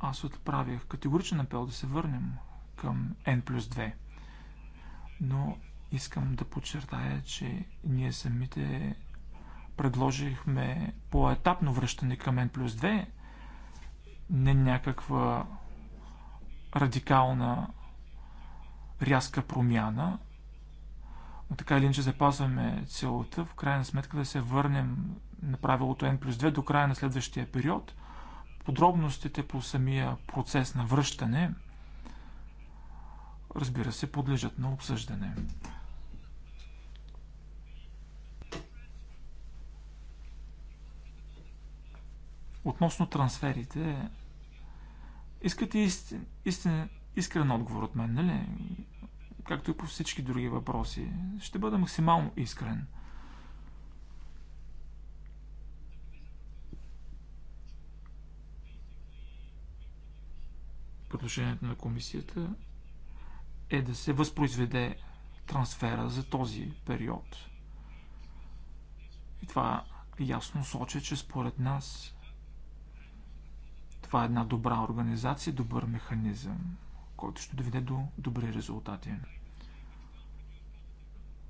аз отправях категоричен апел да се върнем към N плюс 2. Но искам да подчертая, че ние самите предложихме поетапно връщане към N плюс 2, не някаква радикална рязка промяна, но така или иначе запазваме целта, в крайна сметка да се върнем на правилото N плюс 2 до края на следващия период. Подробностите по самия процес на връщане, разбира се, подлежат на обсъждане. Относно трансферите, искате истин, истин, искрен отговор от мен, нали? Както и по всички други въпроси. Ще бъда максимално искрен. Предложението на комисията е да се възпроизведе трансфера за този период. И това ясно сочи, че според нас това е една добра организация, добър механизъм, който ще доведе до добри резултати.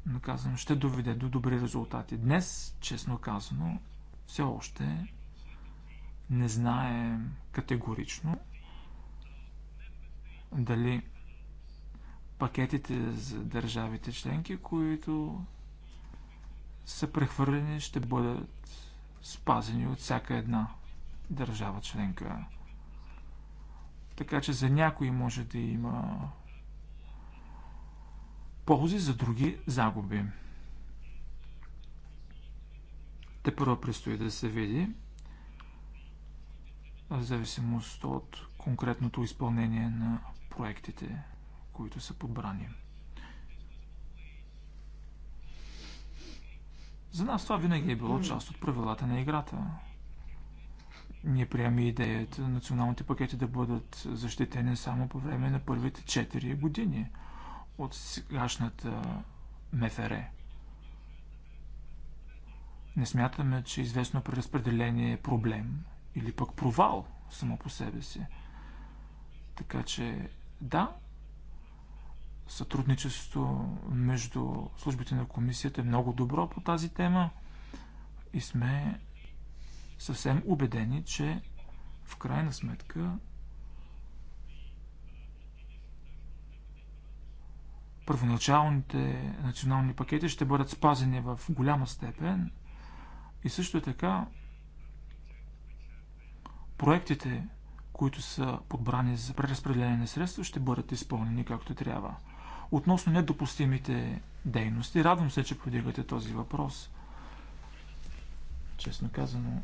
Но казвам, ще доведе до добри резултати. Днес, честно казано, все още не знаем категорично дали пакетите за държавите членки, които са прехвърлени, ще бъдат спазени от всяка една държава членка. Така че за някои може да има ползи, за други загуби. Те първо предстои да се види, в зависимост от конкретното изпълнение на проектите, които са подбрани. За нас това винаги е било част от правилата на играта. Ние приемаме идеята националните пакети да бъдат защитени само по време на първите 4 години от сегашната МФР. Не смятаме, че известно преразпределение е проблем или пък провал само по себе си. Така че, да, сътрудничеството между службите на комисията е много добро по тази тема и сме съвсем убедени, че в крайна сметка първоначалните национални пакети ще бъдат спазени в голяма степен и също е така проектите, които са подбрани за преразпределение на средства, ще бъдат изпълнени както трябва. Относно недопустимите дейности, радвам се, че подигате този въпрос. Честно казано,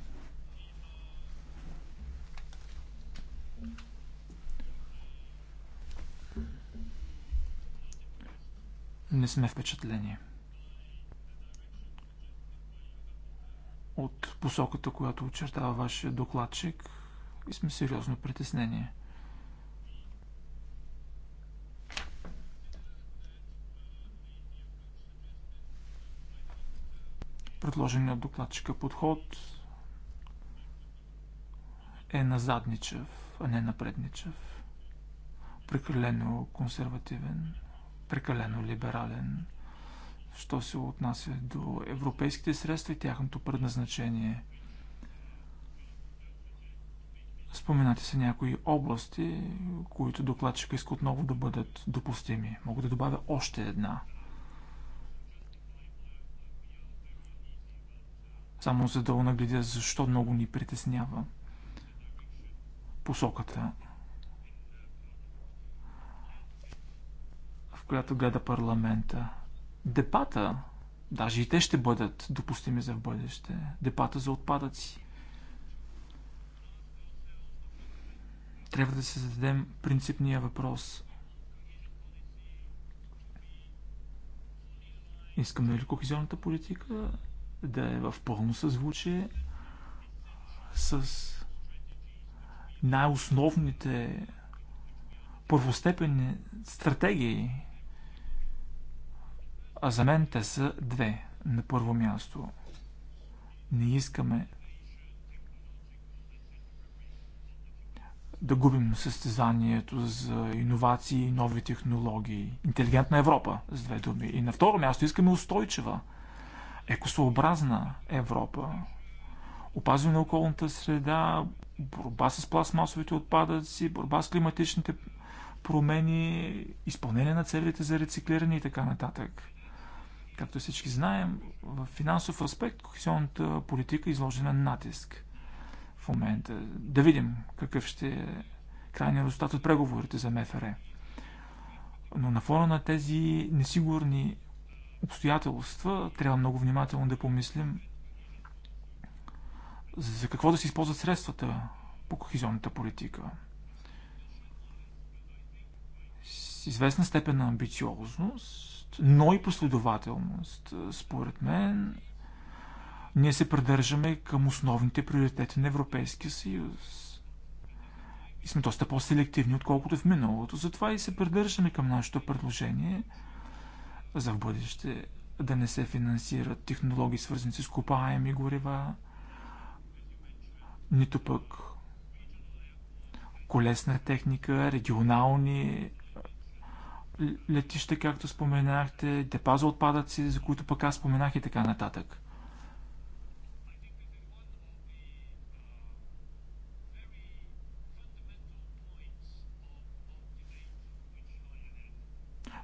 не сме впечатлени от посоката, която очертава вашия докладчик и сме сериозно притеснени. от докладчика подход е назадничев, а не напредничев. Прекалено консервативен прекалено либерален, що се отнася до европейските средства и тяхното предназначение. Споменате се някои области, които докладчика иска отново да бъдат допустими. Мога да добавя още една. Само за да онагледя защо много ни притеснява посоката, която гледа парламента. Депата, даже и те ще бъдат допустими за в бъдеще. Депата за отпадъци. Трябва да се зададем принципния въпрос. Искаме ли кохезионната политика да е в пълно съзвучие с най-основните първостепенни стратегии а за мен те са две. На първо място, не искаме да губим състезанието за иновации и нови технологии. Интелигентна Европа, с две думи. И на второ място искаме устойчива, екосообразна Европа. Опазване на околната среда, борба с пластмасовите отпадъци, борба с климатичните промени, изпълнение на целите за рециклиране и така нататък. Както всички знаем, в финансов аспект кохесионната политика е изложена на натиск в момента. Да видим какъв ще е крайният резултат от преговорите за МФР. Но на фона на тези несигурни обстоятелства трябва много внимателно да помислим за какво да се използват средствата по кохезионната политика. С известна степен на амбициозност сигурност, но и последователност. Е, според мен, ние се придържаме към основните приоритети на Европейския съюз. И сме доста по-селективни, отколкото в миналото. Затова и се придържаме към нашето предложение за в бъдеще да не се финансират технологии, свързани с копаеми горива, нито пък колесна техника, регионални летища, както споменахте, депа за отпадъци, за които пък аз споменах и така нататък.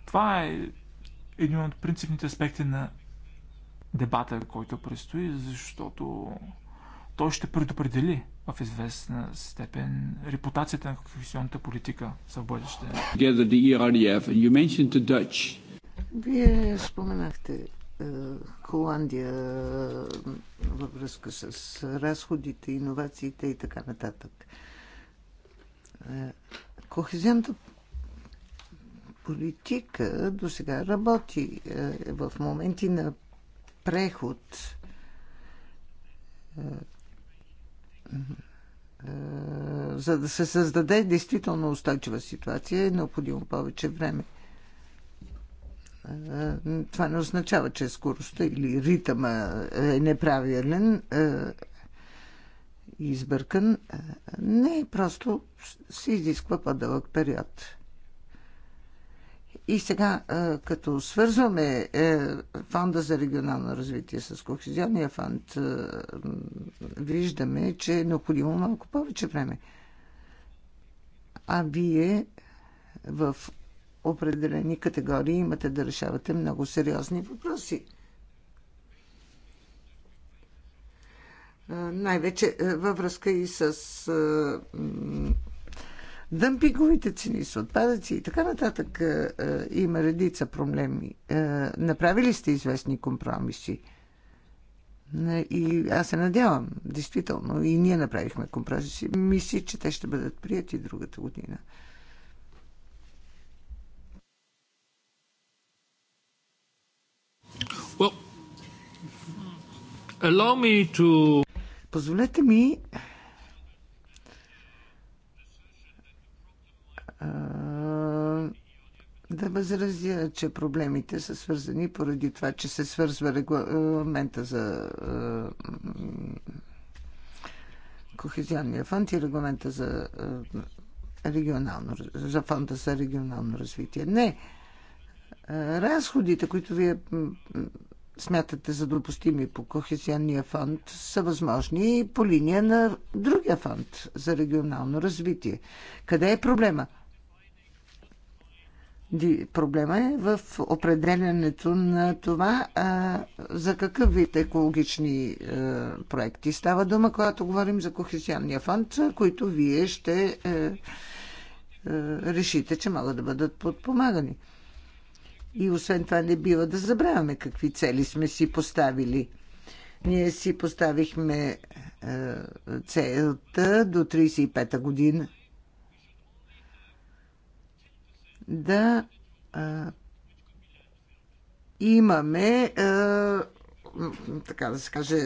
Това е един от принципните аспекти на дебата, който предстои, защото той ще предопредели в известна степен репутацията на кохесионната политика в бъдеще. E Вие споменахте е, Холандия е, във връзка с разходите, иновациите и така нататък. Е, Кохезионната политика до сега работи в моменти на преход е, за да се създаде действително устойчива ситуация, е необходимо повече време. Е, това не означава, че скоростта или ритъма е неправилен и е, избъркан. Не, просто се изисква по-дълъг период. И сега, е, като свързваме е, фонда за регионално развитие с Кохезионния фонд, е, виждаме, че е необходимо малко повече време. А вие в определени категории имате да решавате много сериозни въпроси. Най-вече във връзка и с дъмпинговите цени с отпадъци и така нататък. Е, е, има редица проблеми. Е, направили сте известни компромиси. И аз се надявам, действително, и ние направихме компромиси. Мисли, че те ще бъдат прияти другата година. Well, allow me to... Позволете ми да възразя, че проблемите са свързани поради това, че се свързва регламента за Кохезионния фонд и регламента за, регионално, за фонда за регионално развитие. Не. Разходите, които вие смятате за допустими по Кохезионния фонд, са възможни и по линия на другия фонд за регионално развитие. Къде е проблема? Проблема е в определенето на това а, за какъв вид екологични а, е, проекти става дума, когато говорим за Кохесионния фонд, които вие ще а, е, а, е, решите, че могат да бъдат подпомагани. И освен това не бива да забравяме какви цели сме си поставили. Ние си поставихме целта до 35-та година да а, имаме а, така да се каже,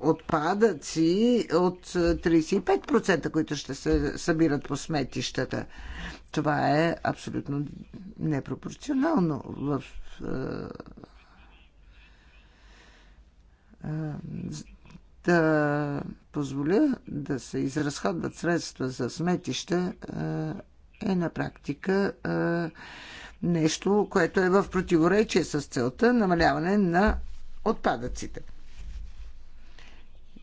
отпадъци от 35%, които ще се събират по сметищата. Това е абсолютно непропорционално в да позволя да се изразходват средства за сметища е на практика нещо, което е в противоречие с целта намаляване на отпадъците.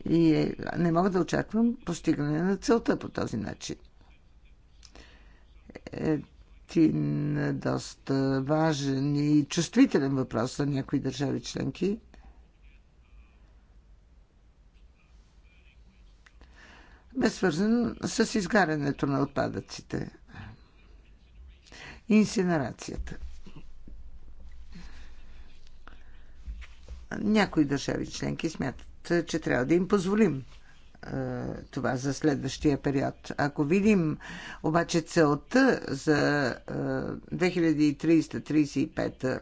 И е, не мога да очаквам постигане на целта по този начин. Един доста важен и чувствителен въпрос за някои държави членки. Бе свързан с изгарянето на отпадъците инсинерацията. Някои държави членки смятат, е, че трябва да им позволим е, това за следващия период. Ако видим обаче целта за 2030-35 е,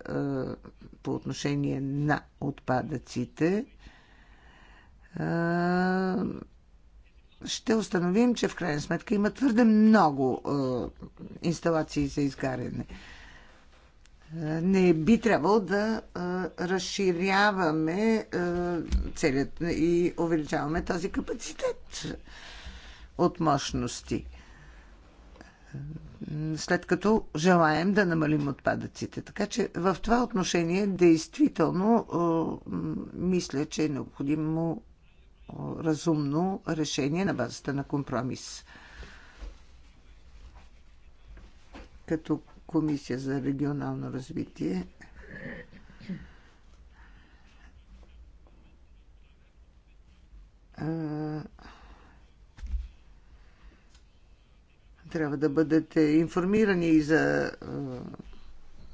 по отношение на отпадъците, ще установим, че в крайна сметка има твърде много е, инсталации за изгаряне. Не би трябвало да е, разширяваме е, целият и увеличаваме този капацитет от мощности, след като желаем да намалим отпадъците. Така че в това отношение действително е, мисля, че е необходимо разумно решение на базата на компромис. Като Комисия за регионално развитие трябва да бъдете информирани и за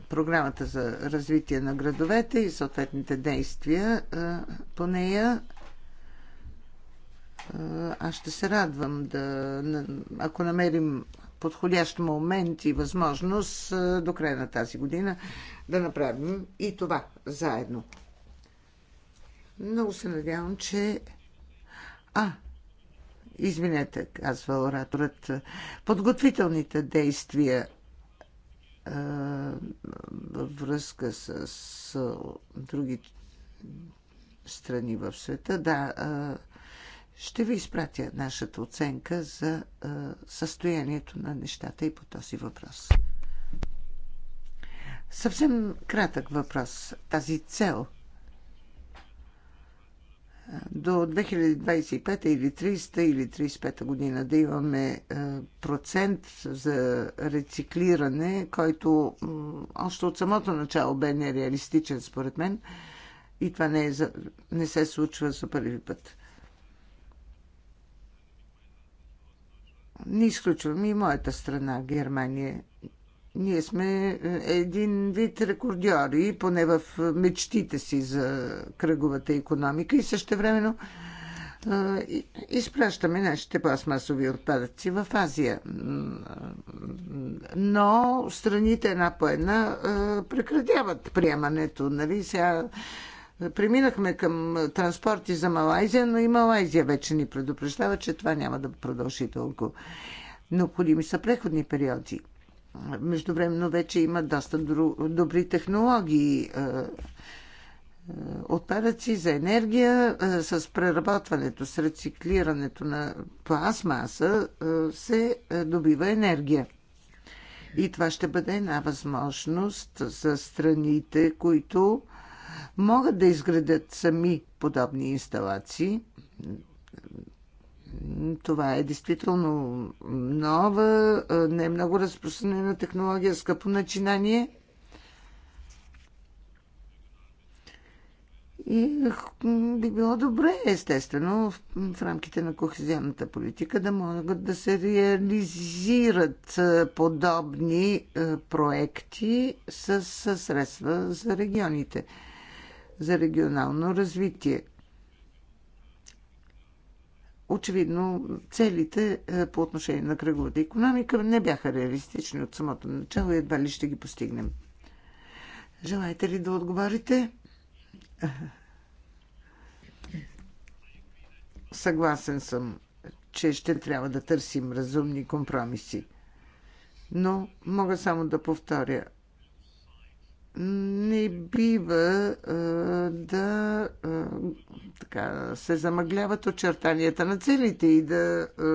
програмата за развитие на градовете и съответните действия по нея. Аз ще се радвам да, ако намерим подходящ момент и възможност до края на тази година да направим и това заедно. Много се надявам, че... А, извинете, казва ораторът, подготвителните действия във връзка с, с други страни в света, да, а, ще ви изпратя нашата оценка за състоянието на нещата и по този въпрос. Съвсем кратък въпрос. Тази цел до 2025 или 30 или 35 година да имаме процент за рециклиране, който още от самото начало бе нереалистичен според мен и това не, е, не се случва за първи път. не изключвам и моята страна, Германия. Ние сме е, един вид рекордьори, поне в мечтите си за кръговата економика и също времено е, изпращаме нашите пластмасови отпадъци в Азия. Но страните една по една е, прекратяват приемането. Нали? Сега Преминахме към транспорти за Малайзия, но и Малайзия вече ни предупреждава, че това няма да продължи дълго. Необходими са преходни периоди. Междувременно вече има доста добри технологии е, е, отпадъци за енергия е, с преработването, с рециклирането на пластмаса се добива енергия. И това ще бъде една възможност за страните, които могат да изградят сами подобни инсталации. Това е действително нова, не е много разпространена технология, скъпо начинание. И би било добре, естествено, в рамките на кохезионната политика да могат да се реализират подобни проекти с средства за регионите за регионално развитие. Очевидно, целите е, по отношение на кръговата економика не бяха реалистични от самото начало и едва ли ще ги постигнем. Желаете ли да отговорите? Съгласен съм, че ще трябва да търсим разумни компромиси. Но мога само да повторя не бива а, да а, така, се замъгляват очертанията на целите и да а,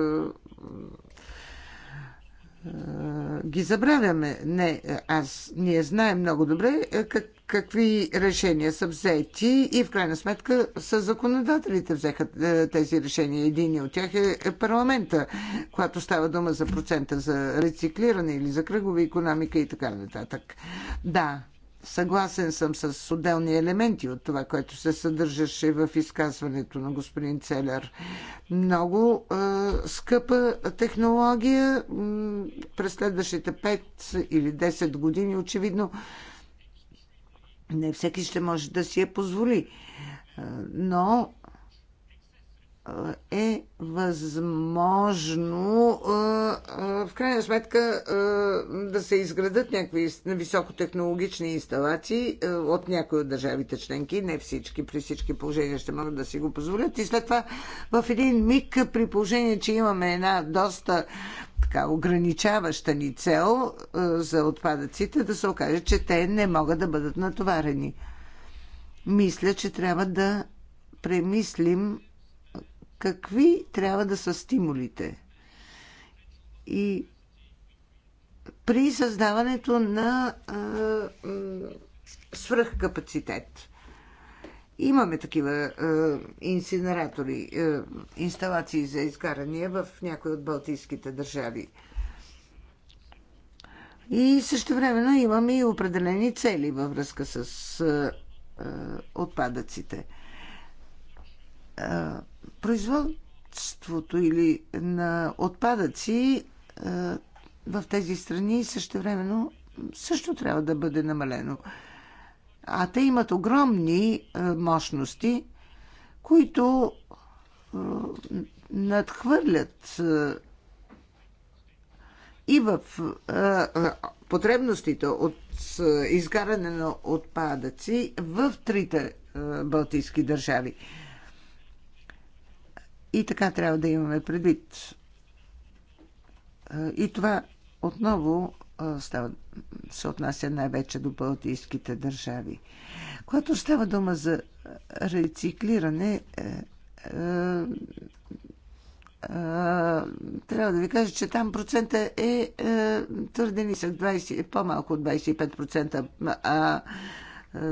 а, ги забравяме. Не, аз, ние знаем много добре как, какви решения са взети и в крайна сметка с законодателите взеха тези решения. Един от тях е, е парламента, когато става дума за процента за рециклиране или за кръгова економика и така нататък. Да, Съгласен съм с отделни елементи от това, което се съдържаше в изказването на господин Целер. Много е, скъпа технология. През следващите 5 или 10 години, очевидно, не всеки ще може да си я позволи. Е, но е възможно в крайна сметка да се изградат някакви високотехнологични инсталации от някои от държавите членки, не всички, при всички положения ще могат да си го позволят. И след това в един миг, при положение, че имаме една доста така, ограничаваща ни цел за отпадъците, да се окаже, че те не могат да бъдат натоварени. Мисля, че трябва да премислим какви трябва да са стимулите. И при създаването на а, свръхкапацитет. Имаме такива а, инсинератори, а, инсталации за изгаряния в някои от балтийските държави. И също времено имаме и определени цели във връзка с а, а, отпадъците производството или на отпадъци в тези страни също времено също трябва да бъде намалено. А те имат огромни мощности, които надхвърлят и в потребностите от изгаране на отпадъци в трите балтийски държави. И така трябва да имаме предвид. И това отново става, се отнася най-вече до балтийските държави. Когато става дума за рециклиране, е, е, трябва да ви кажа, че там процента е, е твърде нисък, 20, по-малко от 25%, а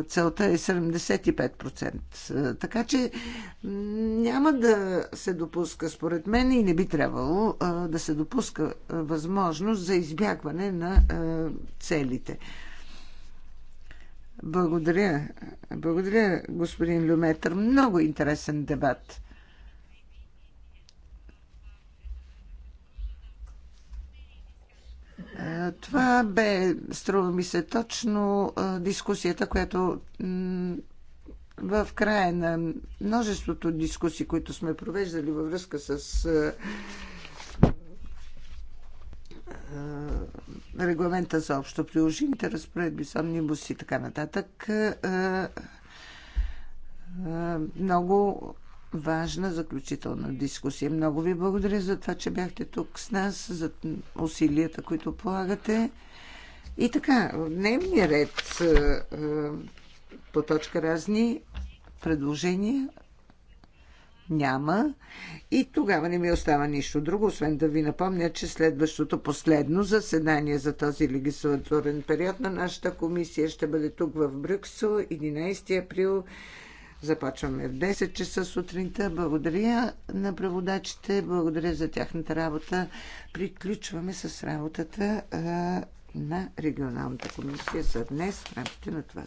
Целта е 75%. Така че няма да се допуска, според мен, и не би трябвало да се допуска възможност за избягване на целите. Благодаря. Благодаря, господин Люметър. Много интересен дебат. Е, това бе, струва ми се, точно е, дискусията, която в края на множеството дискусии, които сме провеждали във връзка с е, регламента за общо приложимите разпоредби, сомнибус и така нататък, много важна заключителна дискусия. Много ви благодаря за това, че бяхте тук с нас, за усилията, които полагате. И така, дневния ред е, е, по точка разни предложения няма. И тогава не ми остава нищо друго, освен да ви напомня, че следващото последно заседание за този легислатурен период на нашата комисия ще бъде тук в Брюксел 11 април Започваме в 10 часа сутринта. Благодаря на преводачите, благодаря за тяхната работа. Приключваме с работата на регионалната комисия за днес в рамките на това